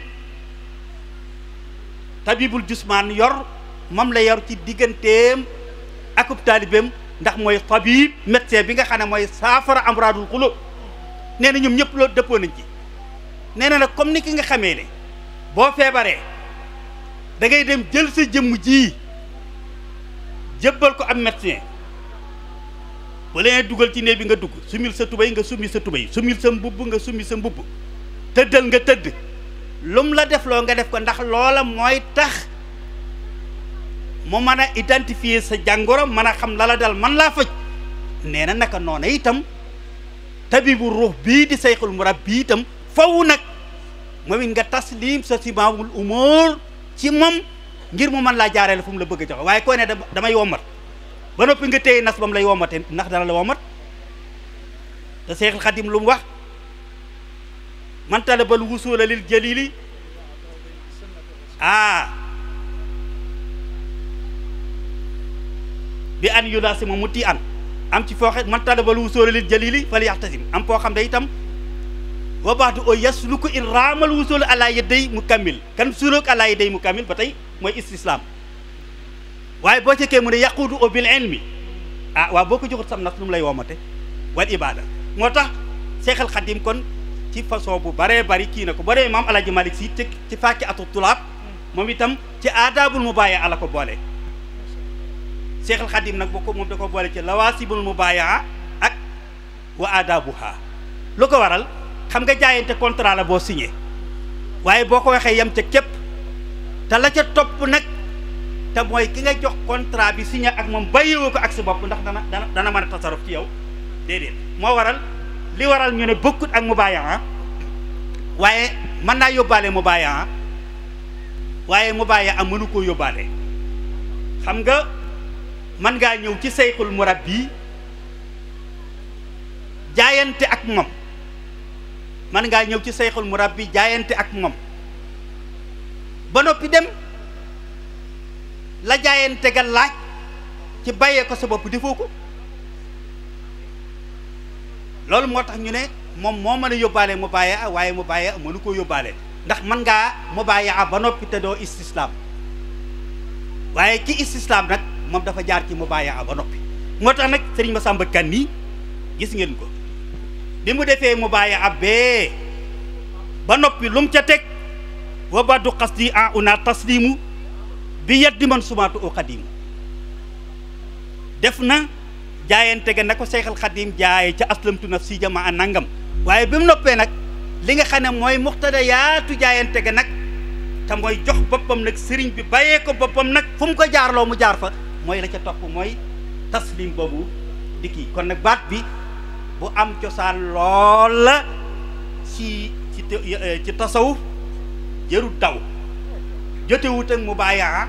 tabibul jusmaan yor mam la yor ci digganteem akub taalibeem ndax mooy tabib médecin bi nga xam ne mooy saafara amraadul xulub nee na ñoom ñëpp loo dëppoo ci nee na nag comme ni ki nga xamee ne boo feebaree da ngay dem jël sa jëmm ji jëbbal ko am médecin ba leen dugal ci néeg bi nga dugg sumil sa tubéy nga sumil sa tubay sumil sa mbubb nga sumil sa mbubb tëddal nga tëdd lum la defloo nga def ko ndax loola mooy tax mu mën a identifier sa jàngoro mën a xam lala dal man laa faj nee na naka noona itam tabibu ruux bii di sayxul murab bii itam fow nag moom it nga taslim sa simaawul umóor ci moom ngir mu mën laa jaaree la fu mu la bëgg a joxe waaye koy ne damay womat ba noppi nga téye nas bam lay womate ndax dana la womat te seexul xadim lu mu wax man talabal wusula lil jalili ah bi an yudaasi ma mutti an am ci foo xam man talabalu sóoralit jalili fal yaxtasim am foo xam ne itam wa baxdu o yasluku in raamal wusoolu àlaa yedday mu kammil kan suloog àlaa yedday mu kammil ba tey mooy istislaam waaye boo cëkkee mu ne yaquudu o bil ilmi ah waaw boo ko joxut sam naf lu mu lay woomate wal ibada moo tax seexal xadim kon ci façon bu baree bari kii na ko boo demee maam alaaji malik si ci ci fàkki atu tulaab moom itam ci aadaabul ko boole Cheikhul Khadim nag bokk moom da ko boole ci mu mubaayaa ak wa aadaabuha lu ko waral xam nga jaayante contrat la boo signé waaye boo ko waxee yem ca képp te la ca topp nag te mooy ki nga jox contrat bi signé ak moom bàyyiwoo ko ak si bopp ndax dana dana dana mën a tasaruf ci yow déedéet moo waral li waral ñu ne bokkut ak mu bàyyi mubaayaa waaye mën naa yóbbaale mubaayaa waaye mubaayaa mënu koo yóbbaale xam nga. man ngaa ñëw ci sayxul murabbi jaayante ak man ngaa ñëw ci sayxul murabbi jaayante ak moom ba noppi dem la jaayante ga laaj ci bàyyee ko sa bopp defoo ko loolu moo tax ñu ne moom moo mën a yóbbaale mu bàyyee a waaye mu bàyyee a mënu koo yóbbaale ndax mën ngaa mu bàyyee a ba noppi te doo istislaam waaye ki istislaam nag moom dafa jaar ci mu bàyyi ba noppi moo tax nag sëriñ Massamba Kane nii gis ngeen ko bi mu defee mu bàyyi ab bee ba noppi lu ca teg wa baddu xasti a una taslimu bi yaddi man sumaatu u xadimu def na jaayante ga na ko seexal xadim jaaye ca aslamtu si jamaa nangam waaye bi mu noppee nag li nga xam ne mooy muxtada yaatu jaayante ga nag te mooy jox boppam nag sëriñ bi bàyyee ko boppam nag fu mu ko jaarloo mu jaar fa mooy la ca topp mooy taslim boobu di kii kon nag baat bi bu am cosaan lool la ci ci eh, ci tasawuf daw jotewut ak mubaayaa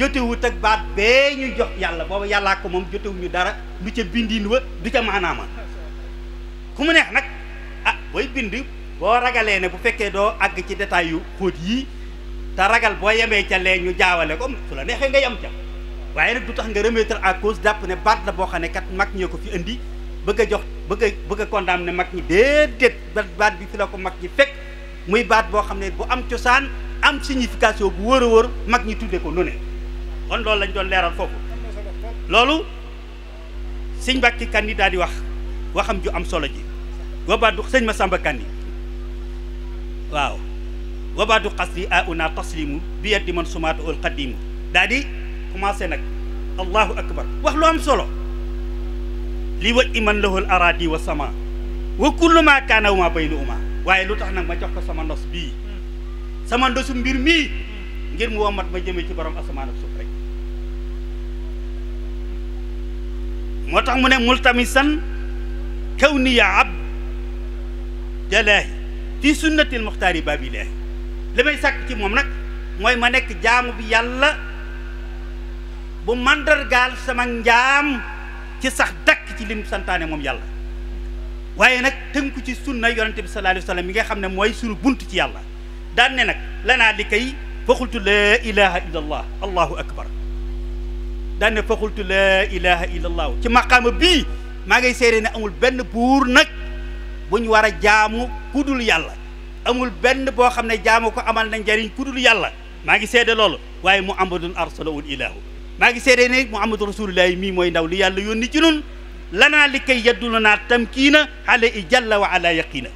jotewut ak baat bee ñuy jox yàlla booba yàllaa ko moom jotewuñu dara du ca bindiin wa du ca maanaama ku mu neex nag ah booy bind boo ragalee ne bu fekkee doo àgg ci détail yu xóot yii te ragal boo yemee ca lee ñu jaawale ko su la neexee nga yem ca waaye nag du tax nga remettre à cause jàpp ne baat la boo xam ne kat mag ñee ko fi indi bëgg a jox bëgg a bëgg a condamné mag ñi déedéet baat bi fi la ko mag ñi fekk muy baat boo xam ne bu am cosaan am signification bu wër a wër mag ñi tudde ko nu ne kon loolu lañ doon leeral foofu loolu sëñ Mbàkke Kanni daal di wax waxam ju am solo ji wabaadu sëñ ma Masamba Kanni waaw du xas li a una taslimu bi yeddi man sumaatu ul qadimu daal commencé nag allahu akbar wax lu solo li wa iman lahul aradi ma waaye lu tax nag ma jox ko sama ndos bii sama ndosu mbir mii ngir mu ma jëmee ci borom asamaan ak suuf rek moo tax mu ne multamisan kawniya abd dalaahi fi sunnatil muxtaari baabilaahi li may sàkk ci moom nag mooy ma nekk jaamu bi yàlla bu màndargaal sama njaam ci sax dakk ci lim santaane moom yàlla waaye nag tënku ci sunna yonente bi sallallahu alayhi wa sallam mi nga xam ne mooy sunu bunt ci yàlla daan ne nag lanaa li kay faxultu laa ilaha illa allah allahu akbar daan faxultu laa ilaha illa allah ci maqaama bii maa ngi seede ne amul benn buur nag bu ñu war a jaamu kudul yàlla amul benn boo xam ne jaamu ko amal na njariñ kudul yàlla maa ngi seede loolu waaye muhammadun arsalahul ilahu maa ngi seede ne muhammadu rasulullahi mii mooy ndaw li yàlla yónni ci nun lanaa li kay yaddulu naa tamkiina xale i jalla wa ala yaqiina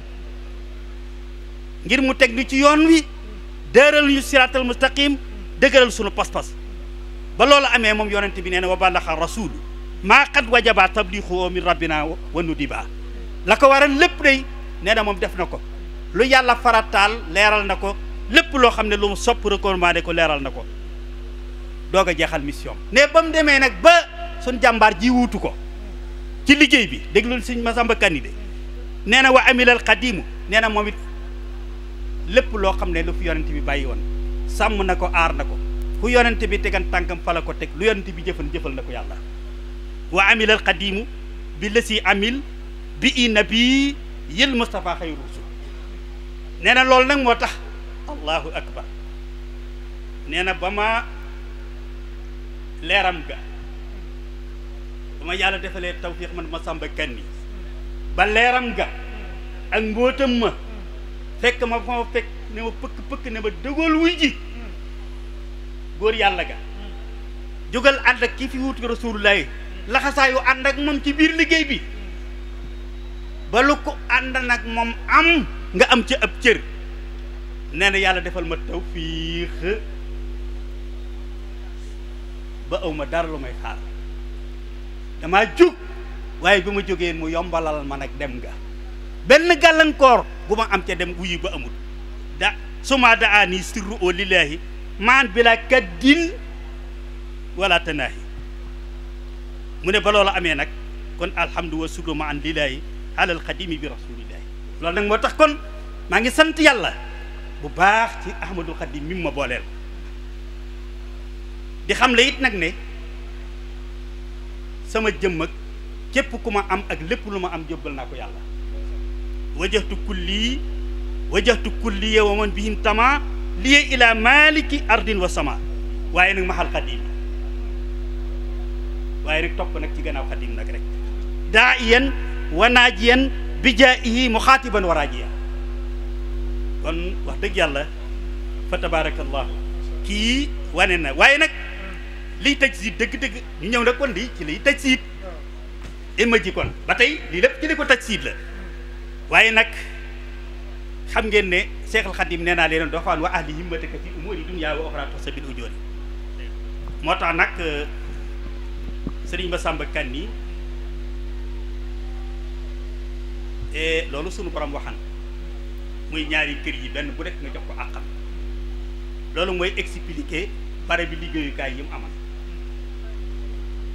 ngir mu teg ni ci yoon wi dëral ñu siraatal mustaqim dëgëral sunu pas-pas ba loolu amee moom yonente bi nee na wa balaxa rasulu maa qad wajaba tablixu min rabbina wa nudiba la ko waral lépp day nee moom def na ko lu yàlla farataal leeral na ko lépp loo xam ne lu mu sopp recommandé ko leeral na ko doog a jeexal mission ne ba mu demee nag ba suñ jàmbaar ji wuutu ko ci liggéey bi déglul suñ Masamba Kanni de nee na wa amilal xadimu nee na moom it lépp loo xam ne lu fi yonent bi bàyyi woon sàmm na ko aar na ko fu yonent bi tegan tànkam fa la ko teg lu yonent bi jëfan jëfal na ko yàlla wa amilal xadimu bi lësi amil bi i nabi yël Moustapha xayru nee na loolu nag moo tax allahu akbar nee na ba ma leeram ga ba ma yàlla defalee tawfiix man ma sàmba kanni ba leeram ga ak mbóotam ma fekk ma fa ma fekk ne ma pëkk pëkk ne ma dëggool wuy ji góor yàlla ga jógal ànd ak kii fi wutu rasulullahi laxasaayu ànd ak moom ci biir liggéey bi ba lu ko ànd nag moom am nga am ci ab cër nee na yàlla defal ma tawfiix ba awma dara lu may xaar damaa jóg waaye bi ma jógee mu yombalal ma nag dem nga benn gàllankoor bu ma am ca dem wuyi ba amul da suma daa nii sirru oo lillaahi maan bi la kaddin wala tanaahi mu ne ba loolu amee nag kon alhamdu wa sirru ma an lillaahi alal xadimi bi rasulillahi loolu nag moo tax kon maa ngi sant yàlla bu baax ci ahmadul xadim mi ma booleel di xam la it nag ne sama jëmm ak képp ku ma am ak lépp lu ma am jóbbal naa ko yàlla wajaxtu kulli wajaxtu kulli wa man bihim tama liye ila maliki ardin wa sama waaye nag maxal xadim waaye nag topp nag ci gannaaw xadim nag rek daa iyan wa naajiyan bijaa'ihi muxaatiban wa raajiya kon wax dëgg yàlla fa tabarakallahu kii wane na waaye nag liy taj siit dëgg-dëgg ñu ñëw nag kon lii ci liy taj siit imma ji ba tey lii lépp ci li ko taj siit la waaye nag xam ngeen ne Seexul Xadim nee naa leen doxaan wa ahli himmataka fi umuri dunya wa uxra sa bil ujooni moo tax nag euh, sëriñ Massamba kan nii e loolu sunu borom waxan muy ñaari kër yi benn bu nekk nga jox ko àqam loolu mooy expliquer bare bi liggéeyukaay yi mu amal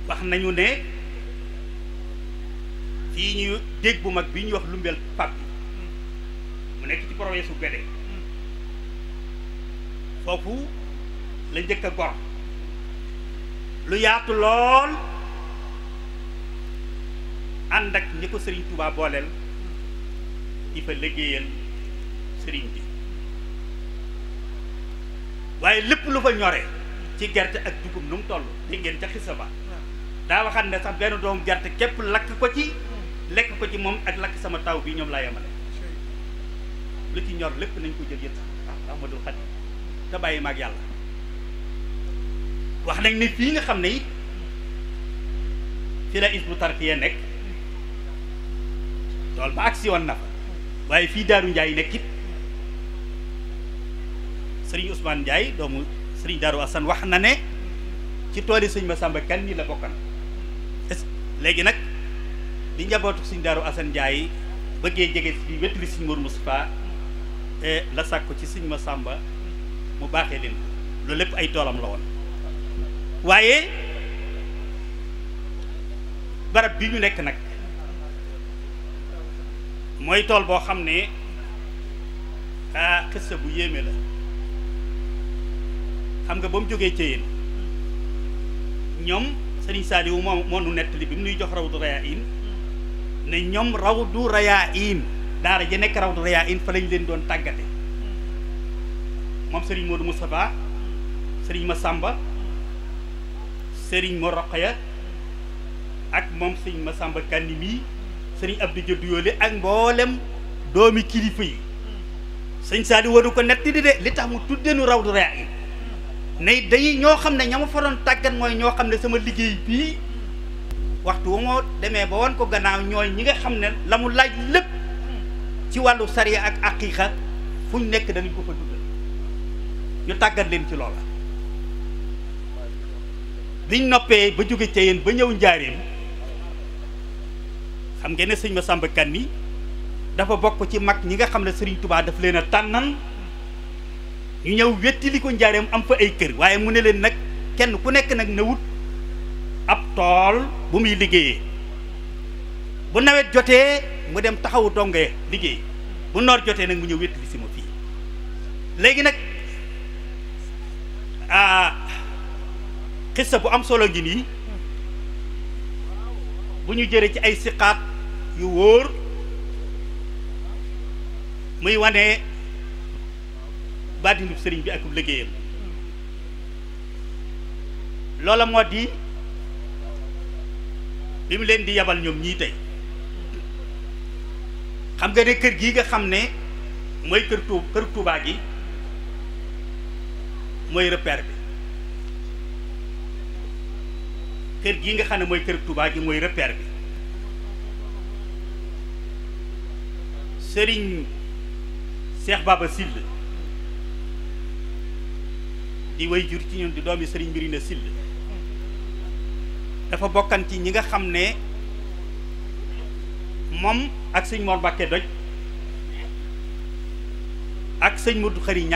wax nañu ne fii ñuy dégg bu mag bi ñu wax lumbel pap bi mu nekk ci projet su Guédé foofu la njëkk a gor lu yaatu lool ànd ak ñi ko Serigne Touba booleel di fa liggéeyal Serigne bi waaye lépp lu fa ñore ci gerte ak dugub nu mu toll dégg ngeen ca xisa ba daa waxaat ne sax benn doomu gerte képp lakk ko ci hmm. lekk ko ci moom ak lakk sama taw bi ñoom laa yemale hmm. lu ci ñor lépp nañ ko jël yët ah, te bàyyi mag yàlla wax nañ ne fii nga xam ne it hmm. fi la isbu tarkiya nekk tool ba agsi woon na fa waaye fii Daaru Njaay nekk it sëriñ Ousmane Ndiaye doomu sëriñ Daaru Assane wax na ne ci tooli sëñ Masamba kan ni la bokkan léegi nag di njabootu suñ daaru Assane njaay bëggee jege bi wétali suñ Mour Moustapha e, la sàkku ci suñ ma sàmba mu baaxee leen loolu lépp ay toolam la woon waaye barab bi ñu nekk nag mooy tool boo xam ne ah xissa bu yéeme la xam nga ba mu jógee ci ñoom sëriñ Saliou moo moo nu nettali bi mu nuy jox rawdu rayaa'iin ne ñoom rawdu rayaa'iin daara ja nekk rawdu rayaa'iin fa lañ leen doon tàggate moom sëriñ Modou Moustapha sëriñ Massamba sëriñ Mor Rokhaya ak moom sëriñ Massamba Kandi mii sëriñ Abdou Dia Douyoolé ak mboolem doomi kilifa yi sëñ Saliou waru ko nettali de li tax mu tudde nu rawdu rayaa'iin ne dañuy ñoo xam ne ña ma fa doon tàggat mooy ñoo xam ne sama liggéey bii waxtu wu ma demee ba wan ko gannaaw ñooy ñi nga xam ne la mu laaj lépp ci wàllu sariya ak aqiqa fu ñu nekk danañ ko fa dugal ñu tàggat leen ci loola biñ noppee ba jóge ca ba ñëw njaareem xam ngeen ne sëñ Massamba Kanni dafa bokk ci mag ñi nga xam ne Sëriñ Tubaa daf leen a tànnan ñu ñëw wettili ko njaareem am fa ay kër waaye mu ne leen nag kenn ku nekk nag na wut ab tool bu muy liggéeyee bu nawet jotee mu dem taxawu donge liggéey bu noor jotee nag mu ñëw wettili si ma fii léegi nag ah xissa bu am solo ngi nii bu ñu jëlee ci ay siqaat yu wóor muy wane baatinub sëriñ bi akub liggéeyam loola moo di bi mu leen di yabal ñoom ñii tey xam nga ne kër gii nga xam ne mooy kër tu gi mooy repère bi kër gii nga xam ne mooy kër Touba gi mooy repère bi sëriñ Cheikh Baba Sylla di way jur ci ñun di doomi sëriñ Mbirina Sill dafa bokkan ci ñi nga xam ne moom ak sëñ Mor Mbàkke doj ak sëñ Modou Xari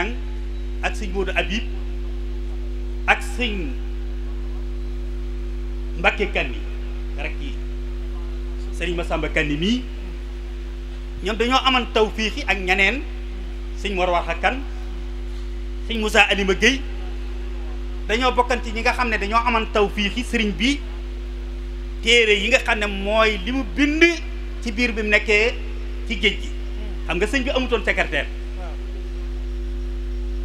ak sëñ Modou Habib ak sëñ Mbàkke Kanni rek yi sëriñ Masamba Kanni mii ñoom dañoo amoon tawfiix yi ak ñeneen sëñ Mor Warxa sëñ Moussa Alima Gueye dañoo bokkante ci ñi nga xam ne dañoo amoon tawfiixi sëriñ bi téere yi nga xam ne mooy li mu bind ci biir bi mu nekkee ci géej gi xam nga sëñ bi amutoon secrétaire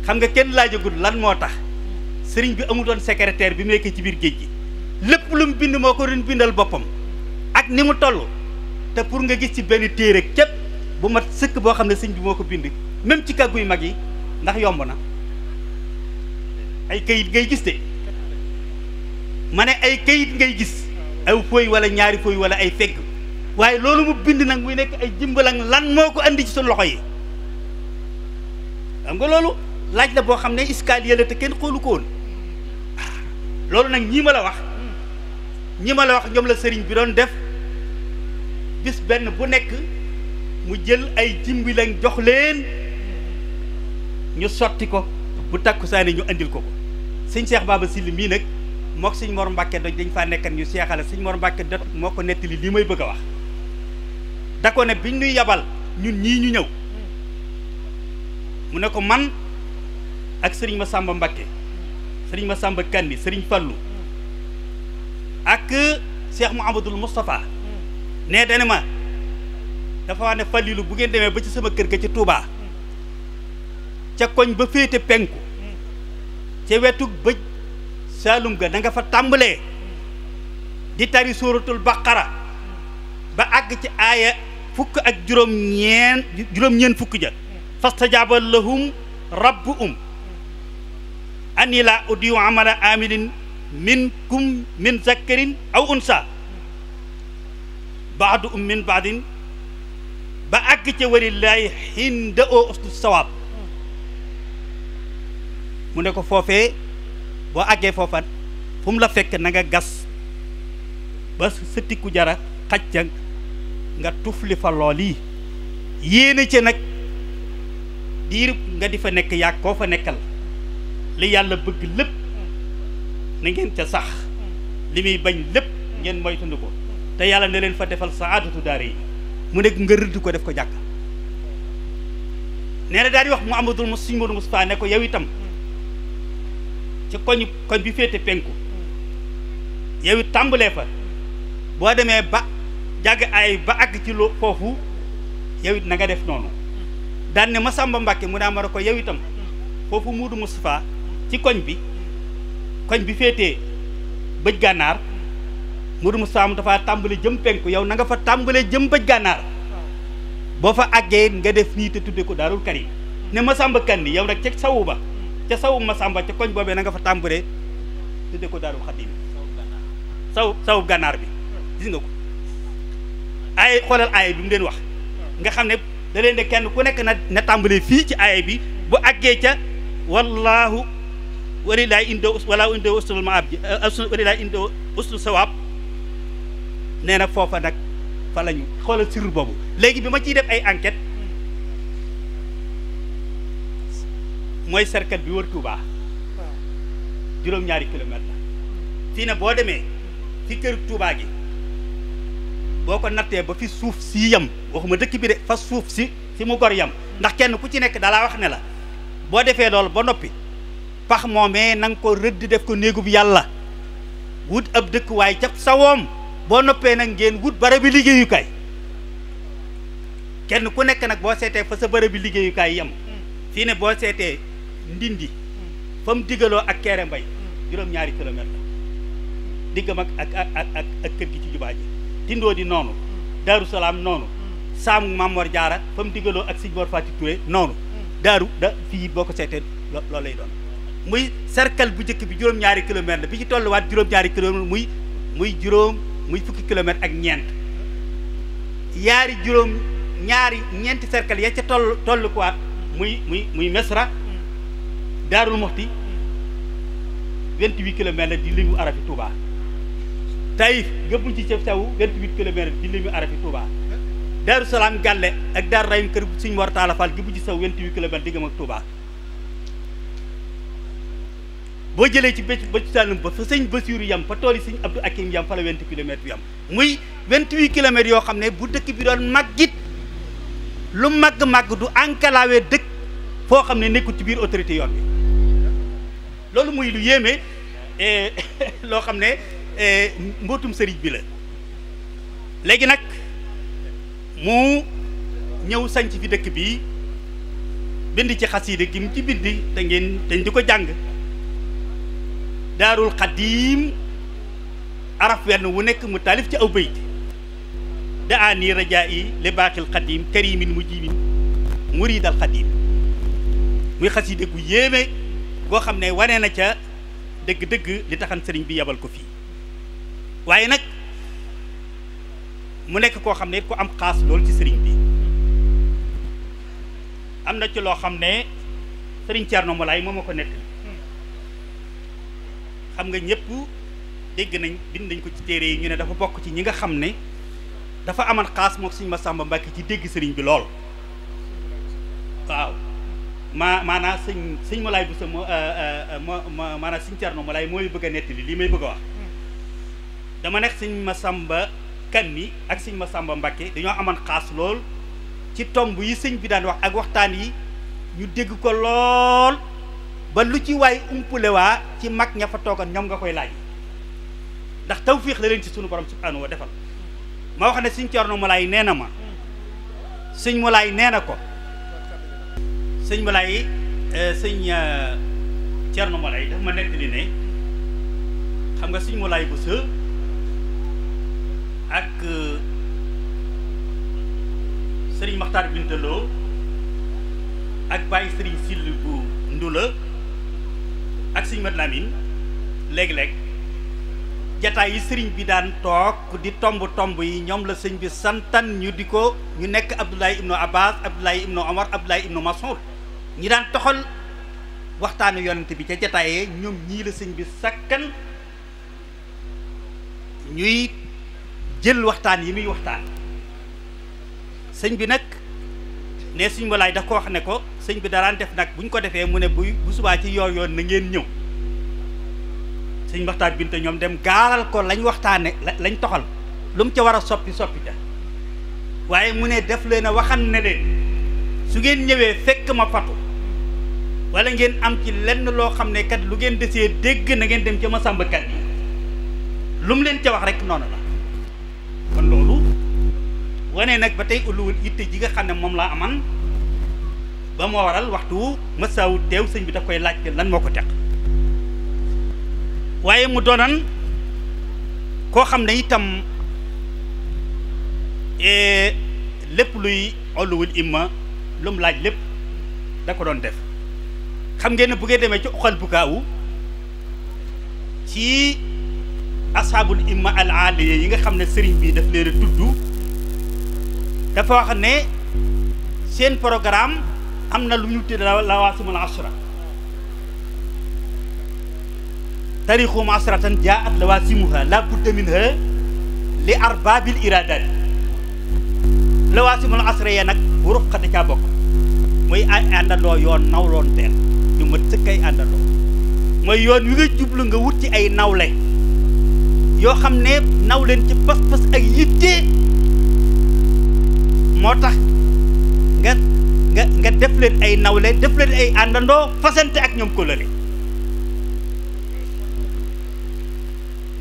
xam nga kenn laajagut lan moo tax sëriñ bi amutoon secrétaire bi mu nekkee ci biir géej gi lépp lu mu bind moo ko doon bindal boppam ak ni mu toll te pour nga gis ci benn téere képp bu mat sëkk boo xam ne sëñ bi moo ko bind même ci kàggu yu mag yi ndax yomb na ay kayit ngay gis de ma ne ay kayit ngay gis aw fooy wala ñaari fooy wala ay fegg waaye loolu mu bind nag muy nekk ay jimbalang lan moo ko indi ci suñ loxo yi xam nga loolu laaj la boo xam ne escalier la te kenn xoolu ko woon ah, loolu nag ñii ma la wax ñi ma la wax ñoom la sëriñ bi doon def bis benn bu nekk mu jël ay jimbilang jox leen ñu sotti ko bu takkusaane ñu indil ko ko sëñ Cheikh Baba Syll mii nag mook sëñ Mor Mbàkke doj dañ faa nekkan ñu seexale sëñ Mor Mbàkke doj moo ko nettali lii may bëgg a wax da ko ne biñ ñuy yabal ñun ñii ñu ñëw mu ne ko man ak sëriñ ma Masamba Mbàkke sëriñ ma Masamba Kanni sëriñ Fallu ak Cheikh Mouhamadoul Moustapha ne dana ma dafa wax ne Fallilu bu ngeen demee ba ci sama kër ga ca Touba ca koñ ba féete penku ca wetu bëj saalum ga da fa tàmbalee di tari suuratul baqara ba àgg ci aaya fukk ak juróom ñeen juróom-ñeen fukk ja fastajaaba lahum rabbuhum ani laa udiyu amala amilin minkum min zakkarin aw unsa ba àgg ca walillaahi hinda oo uslu sawaab mu ne ko foofee boo àggee foofa fu mu la fekk na nga gas ba sa tikku jara xaj ca nga tufli fa lool yi yéene ci nag diir nga di fa nekk yaa koo fa nekkal li yàlla bëgg lépp na ngeen ca sax li muy bañ lépp ngeen moytandi ko te yàlla ne leen fa defal saadatu daara yi mu nekk nga rëdd ko def ko jàkk nee na daal di wax Muhammadul Mustafa ne ko yow itam ci koñ bi féete penku yow tàmbalee fa boo demee ba jàgg ay ba àgg ci loo foofu yow it na nga def noonu daan ne Masamba Mbàkke mu daa ma ko yow itam foofu Muudu Moustapha ci koñ bi koñ bi féetee bëj gànnaar Muudu Moustapha mu dafa tàmbale jëm penku yow na nga fa tàmbale jëm bëj gànnaar boo fa àggee nga def nii te tudde ko daarul karim ne Masamba Kanni yow nag ceg sawu ba ca ma Masamba ca koñ boobee na nga fa tàmburee tudde ko daaru xadim saw sawub gànnaar bi gis nga ko ay xoolal aaya bi mu leen wax nga xam ne da leen ne kenn ku nekk na na tàmbalee fii ci aaya bi bu àggee ca wallaahu walilaay indoo wala indoo usul maab ji eh, walilaay indoo usul sawaab nee na foofa nag fa la ñu xoolal sirru boobu léegi bi ma ciy def ay enquête mooy serket bi wër Touba juróom-ñaari kilomètre la fii ne boo demee fi kër Touba gi boo ko nattee ba fi suuf si yem waxuma dëkk bi de fa suuf si si mu gor yem ndax kenn ku ci nekk dalaa wax ne la boo defee loolu ba noppi pax moomee na nga ko rëdd def ko néegub yàlla wut ab dëkkuwaay ca sawoom boo noppee nag ngeen wut barabi liggéeyukaay kenn ku nekk nag boo seetee fa sa barabi liggéeyukaay yem hmm. fii ne boo seetee ndindi fa mu digaloo ak Kéré Mbay hmm. juróom-ñaari kilomètre diggam ak ak ak ak ak kër gi ci jubaa ji tindoo di noonu hmm. daaru salaam noonu hmm. saamu Mamor Jaara fa mu diggaloo ak Sëñ Mor Fati noonu daaru da fii boo ko seetee loolu lay doon muy cercle bu njëkk bi juróom-ñaari kilomètre la bi ci tolluwaat juróom-ñaari kilomètre muy muy juróom muy fukki kilomètre ak ñeent yaari juróom ñaari ñeenti cercle ya ca toll tolluwaat muy muy muy mesra Daarul Moxti vingt-huit kilomètres di limu arafi Touba Taïf gëpp ci cëf sawu vingt-huit kilomètres di limu arafi Touba Daaru Salaam Gàlle ak Daaru Rahim kër Sëñ Mor Talla Fall bu ci sew vingt-huit kilomètres diggam ak Touba boo jëlee ci bëcc bëcc saalum ba fa sëñ Basiiru yam fa tool yi sëñ Abdou Akim yam fa la vingt bi yam muy vingt-huit kilomètres yoo xam ne bu dëkk bi doon mag màggit lu màgg-màgg du enclavé dëkk foo xam ne nekkul ci biir autorité yoon bi loolu muy lu yéeme eh, loo xam ne eh, mbootum sëriñ bi la léegi nag mu ñëw sanc fi dëkk bi bind ci xasiida gi mu ci bind te ngeen dañ di ko jàng daarul xadiim araf wenn wu nekk mu taalif ci aw bayt da ani rajaa yi li baaxil xadiim karimin mujibin muridal muy xaside gu yéeme goo xam ne wane na ca dëgg-dëgg li taxan sëriñ bi yabal ko fii waaye nag mu nekk koo xam ne ku am xaas lool ci sëriñ bi am na ci loo xam ne sëriñ Thierno Moulay moom a ko nekk xam nga ñëpp dégg nañ bind nañ ko ci téere yi ñu ne dafa bokk ci ñi nga xam ne dafa amal xaas moom ma Masamba Mbàkke ci dégg sëriñ bi lool waaw maa maanaam sëñ sëñ Moulay Bousso moo euh, euh, moo maanaam sëñ Thierno Moulay mooy bëgg a nettali lii may bëgg a wax hmm. dama nekk sëñ Massamba Kanni ak sëñ Massamba Mbacké dañoo amoon xaas lool ci tomb yi sëñ bi daan wax ak waxtaan yi ñu dégg ko lool ba lu ci waay umpule ci mag ña fa toogoon ñoom nga koy laaj ndax tawfiix la leen ci sunu borom subhaanahu wa defal ma wax ne sëñ Thierno Moulay nee na ma hmm. sëñ Moulay nee na ko. sëñ Malaye eh, sëñ eh, Thierno Malaye dafa ma nekk ne xam nga sëñ Malaye bu sa ak eh, sëriñ Maxtaar Bintaloo ak bàyyi sëriñ Sill bu Ndula ak sëñ Mat Lamin léeg-léeg jataay yi sëriñ bi daan toog di tomb tomb yi ñoom la sëñ bi santan ñu di ko ñu nekk Abdoulaye ibnu Abbas Abdoulaye ibnu Omar Abdoulaye ibnu Masoud ñi daan toxal waxtaanu yonent bi ca jataayee ñoom ñii la sëñ bi sàkkan ñuy jël waxtaan yi muy waxtaan sëñ bi nag ne suñ walaay daf ko wax ne ko sëñ bi daraan def nag buñ ko defee mu ne bu bu subaa ci yoor yoon na ngeen ñëw sëñ waxtaan binte ñoom dem gaaral ko lañ waxtaane lañ toxal lu mu ca war a soppi soppi ca waaye mu ne def leen a waxan ne leen su ngeen ñëwee fekk ma fatu wala ngeen am ci lenn loo xam ne kat lu ngeen desee dégg na ngeen dem ca Masamba kat yi lu mu leen ca wax rek noonu la kon loolu wane nag ba tey ëlluwul itte ji nga xam ne moom laa aman ba moo waral waxtu masaawu teew sëñ bi daf koy laaj lan moo ko teq waaye mu doonan koo xam ne itam e, lépp luy ëlluwul imma lu mu laaj lépp da ko doon def xam ngeen ne bu ngeen demee ci uqal bukaawu ci asaabul imma al aaliya yi nga xam ne sëriñ bi daf leen a dafa wax ne seen programme am na lu ñu tudd lawaasimul asra tarixum asratan jaa at lawaasimuha la budda minha li arbaabil iraadaat lawaasimul asra ya nag bu ruqati caa bokk muy àndandoo yoon nawloon teel ñu mat ay àndandoo mooy yoon wi nga jublu nga wut ci ay nawle yoo xam ne naw leen ci pas-pas ak yitte moo tax nga nga nga def leen ay nawle def leen ay àndandoo fasante ak ñoom kóllëre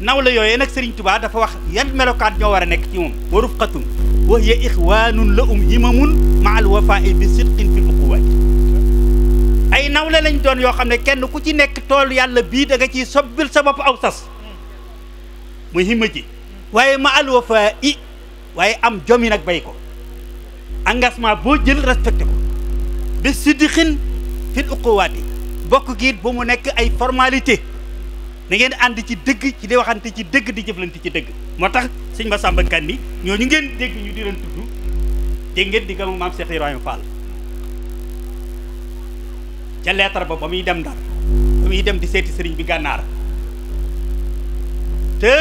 nawle yooyee nag Serigne Touba dafa wax yan melokaan ñoo war a nekk ci moom wa rufqatun wa hiya ixwaanun la um himamun ma al wafaa'i bi sidqin nawle lañ doon yoo xam ne kenn ku ci nekk tool yàlla bii da nga ciy sobbil sa bopp aw sas muy himma ji waaye ma al wafa i waaye am jomi nag bay ko engagement boo jël respecté ko bi siddiqin fil uquwaati bokk giit bu mu nekk ay formalité na ngeen ànd ci dëgg ci di waxante ci dëgg di jëflante ci dëgg moo tax sëñ Massamba Kanni ñooñu ngeen dégg ñu di leen tudd dégg ngeen di gëm maam Cheikh Ibrahima Fall ca leetar ba ba muy dem ndar ba muy dem di seeti sëriñ bi gànnaar te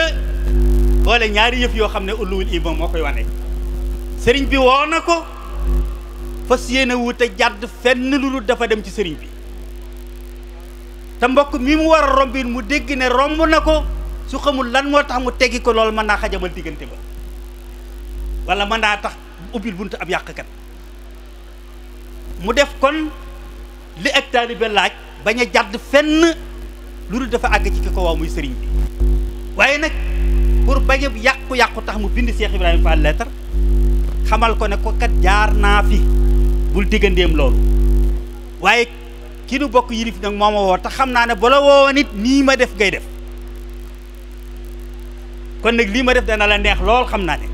boole ñaari yëf yoo xam ne ulluwul iman moo koy wane sëriñ bi woo na ko fas yéene wute jàdd fenn lu dul dafa dem ci sëriñ bi te mbokk mi mu war a rombin mu dégg ne romb na ko su xamul lan moo tax mu teggi ko loolu mën naa xajamal diggante ba wala mën naa tax ubbil bunt ab yàqkat mu def kon li ak taalibe laaj bañ a jàdd fenn lu dul dafa àgg ci ki ko waaw muy sëriñ bi waaye nag pour bañ bu yàqu-yàqu tax mu bind seex Ibrahima Fall lettre xamal ko ne ko jaar naa fi bul diggandeem loolu waaye ki nu bokk yilif nag moo ma woo te xam naa ne ba la it nii ma def ngay def kon nag lii ma def dana la neex lool xam naa ne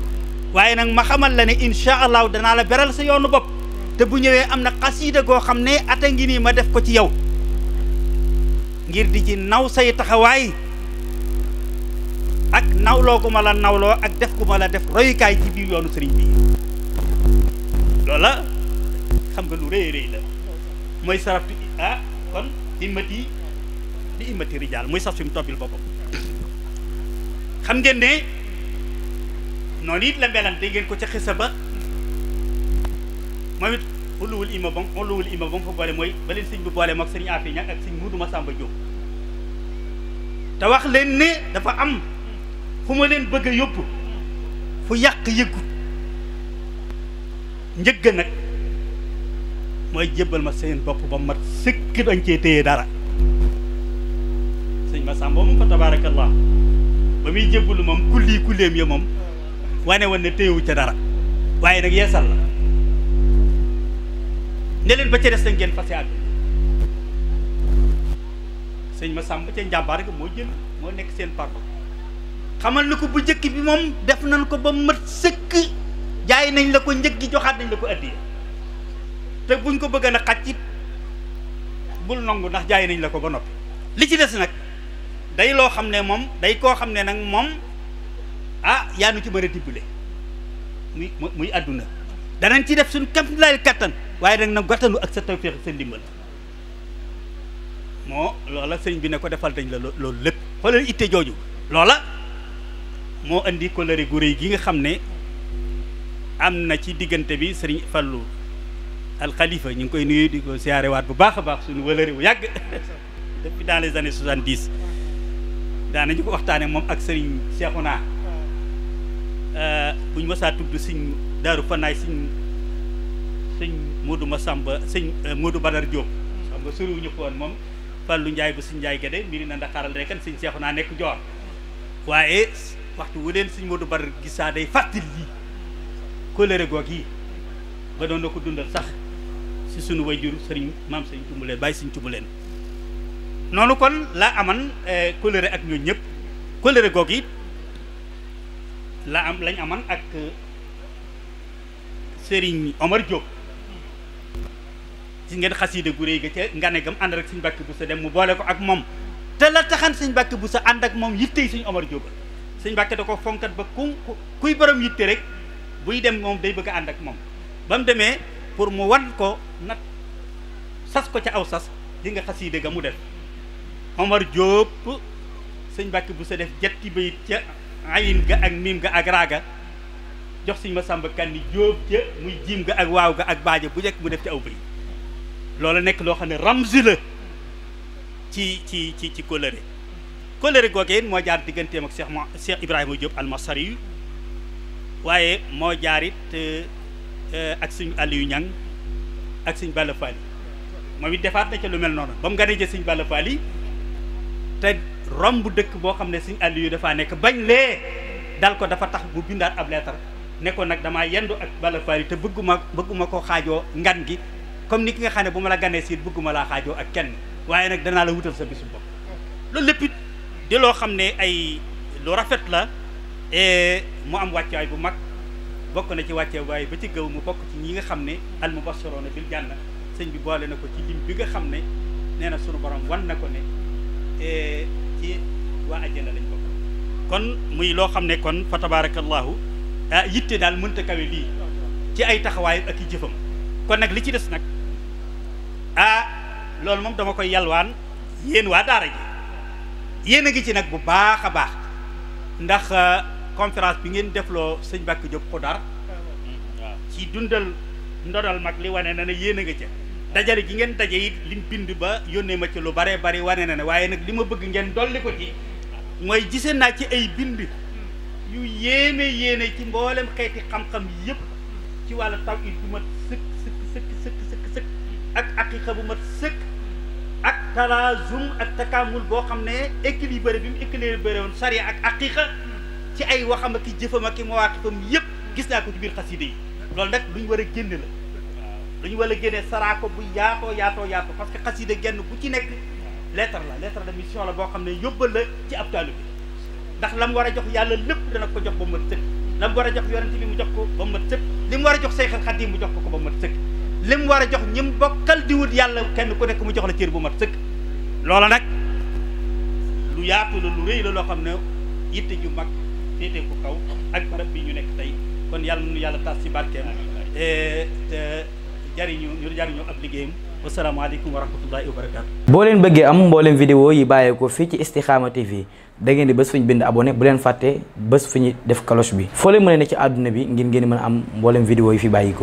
waaye nag ma xamal la ne incha allahu danaa la beral sa yoonu bopp te bu ñëwee am na xasiida goo xam ne ata ngi nii ma def ko ci yow ngir di ci naw say taxawaay ak nawloo gu ma la nawloo ak def gu ma la def royukaay ci biir yoonu sëriñ bi loola xam nga lu rëy rëy la mooy saraftu ah kon immati bi immati rijaal muy saf sumu topbil boppam xam ngeen ne noonu it la mbelante ngeen ko ca xisa ba moom it xulluwul ima bam xulluwul ima fa boole mooy ba leen sëñ bi boole moog sëñ Afi ñag ak sëñ Mudu Masamba Jóob te wax leen ne dafa am fu ma leen bëgg a yóbbu fu yàq yëggut njëgg nag mooy jébbal ma seen bopp ba mat sëkk dañ cee téye dara sëñ Masamba moom fa tabaarakallah ba muy jébbalu moom kulli kulleem ya moom wane woon ne téyewu ca dara waaye nag yeesal la ne ba ca des na ngeen fase ak sëñ ma sàmb ca njàmbaar ga moo jël moo nekk seen parko xamal na ko bu njëkk bi moom def nañ ko ba mat sëkk jaay nañ la ko njëg gi joxaat nañ la ko addiya te buñ ko bëgg na xàccit bul nangu ndax jaay nañ la ko ba noppi li ci des nag day loo xam ne moom day koo xam ne nag moom ah yaa nu ci mën a dibbale muy muy àdduna danañ ci def suñ kéemtulaay kattan waaye nag na gàttanu ak sa tawféex sa ndimbal moo loola sëriñ bi ne ko defal dañ la loolu lépp xoolal itte jooju loola moo indi colère gu rëy gi nga xam ne am na ci diggante bi sëriñ falu alxalifa ñu ngi koy nuyu di ko siyaarewaat bu baax a baax suñu wëlëri bu yàgg depuis dans les années soixante-dix daanañu ko waxtaane moom ak sëriñ naa buñ mësaa tudd sëriñ daaru fanaay sëñ sëñ Modou Massamba sëñ euh, Modou Badar Diop xam nga soriwuñu ko woon moom Fallou Ndiaye ba sëñ Ndiaye Guédé mbiri na Ndakaaral rekan sëñ Seexu naa nekk Joor waaye waxtu wu leen sëñ Modou Badar gisaa day fàttali lii kóllëre goog yi ba doon ko dundal sax si sunu wayjur sëriñ maam sëñ Tumbuleen bàyyi sëñ Tumbuleen noonu kon laa aman euh, kóllëre ak ñooñ ñëpp kóllëre goog yi la am lañ aman ak Serigne Omar Diop gis ngeen xasiida gu réy ga ca ngane gam ànd ak suñ bàkk bu sa dem mu boole ko ak moom te la taxan suñ bàkk bu sa ànd ak moom yittey suñ Omar Diop suñ bàkk da ko fonkat ba ku kuy borom yitte rek buy dem moom day bëgg a ànd ak moom ba mu demee pour mu wan ko nag sas ko ca aw sas di nga xasiida ga mu def Omar Diop suñ bàkk bu sa def jetti bayit ca ayin ga ak miim ga ak raaga jox sëñ Masamba sàmba ni jóob ca muy jiim ga ak waaw ga ak baaje bu nekk mu def ci aw bëy loola nekk loo xam ne ramzi la ci ci ci ci kóllëre kóllëre googee moo jaar digganteem ak Cheikh Cheikh Ibrahima Diop almasari yu waaye moo jaar it euh, ak suñ Aliou Niang ak suñ Balla moom it defaat na ca lu mel noonu ba mu nga nee suñ Balla Fally te romb dëkk boo xam ne suñ yu dafaa nekk bañ lee dal ko dafa tax bu bindaat ab leetar ne ko nag damaa yendu ak Balla te bëgguma bëgguma ko xaajoo ngan gi comme ni ki nga xam ne bu ma la ganee siit bëgguma laa xaajoo ak kenn waaye nag danaa la wutal sa bisu bopp loolu lépp it di loo xam ne ay lu rafet la e, mu am wàccuwaay bu mag bokk na ci wàccuwaay ba ci gaw mu bokk ci ñi nga xam ne al mubashiruuna bil janna sëñ bi boole na ko ci lim bi nga xam ne nee na sunu borom wan na ko ne e, ci waa àjjana lañ bokk kon muy loo xam ne kon fa tabaarakallaahu ah yitte daal mënta kawe lii ci ay taxawaay ak i jëfam kon nag li ci des nag ah loolu moom dama koy yalwaan yéen waa daara ji yéen a ngi ci nag bu baax a baax ndax ah, conférence bi ngeen defloo sëñ Bakk Diop Xudar ci dundal ndodal mag li wane na ne yéen a ngi ca dajale gi ngeen daje it lim bind ba yónnee ma ci lu baree bari wane na ne waaye nag li ma bëgg ngeen dolli ko ci mooy gise naa ci ay bind yu yéeme yéeme ci mboolem xeeti xam-xam yëpp ci wàll tawhid bu ma sëkk sëkk sëkk sëkk ak aqiqa bu mat sëkk ak talaazum ak takaamul boo xam ne équilibre bi mu équilibré woon sariya ak aqiqa ci ay waxam ak i jëfam ak i mawaaqifam yëpp gis naa ko ci biir xaside yi loolu nag lu ñu war a génn la lu ñu war a génne saraako bu yaatoo yaatoo yaatoo parce que xaside genn bu ci nekk lettre la lettre de mission la boo xam ne yóbbal la ci ab taalibe bi ndax lam war a jox yàlla lépp dana ko jox ba mat sëkk lam war a jox yonent bi mu ko ba mat sëkk li mu war a jox Seexul Xadiim mu jox ko ko ba mat sëkk li mu war a jox ñi mu bokkal di wut yàlla kenn ku nekk mu jox la cër bu mat sëkk loola nag lu yaatu la lu rëy la loo xam ne yitte ju mag féete ko kaw ak barab bii ñu nekk tey kon yàlla nu yàlla tas ci barkeem eh, te jariñu ñu jariñu ab liggéeyam wasalaamaaleykum wa boo leen bëggee am mboolem vidéo yi bàyyeekoo fii ci Istikhama TV da ngeen di bés fu ñu bind abonné bu leen fàtte bés fu ñu def cloche bi foo leen mën a ne ci àdduna bi ngir ngeen mën a am mboolem vidéo yi fi bàyyikoo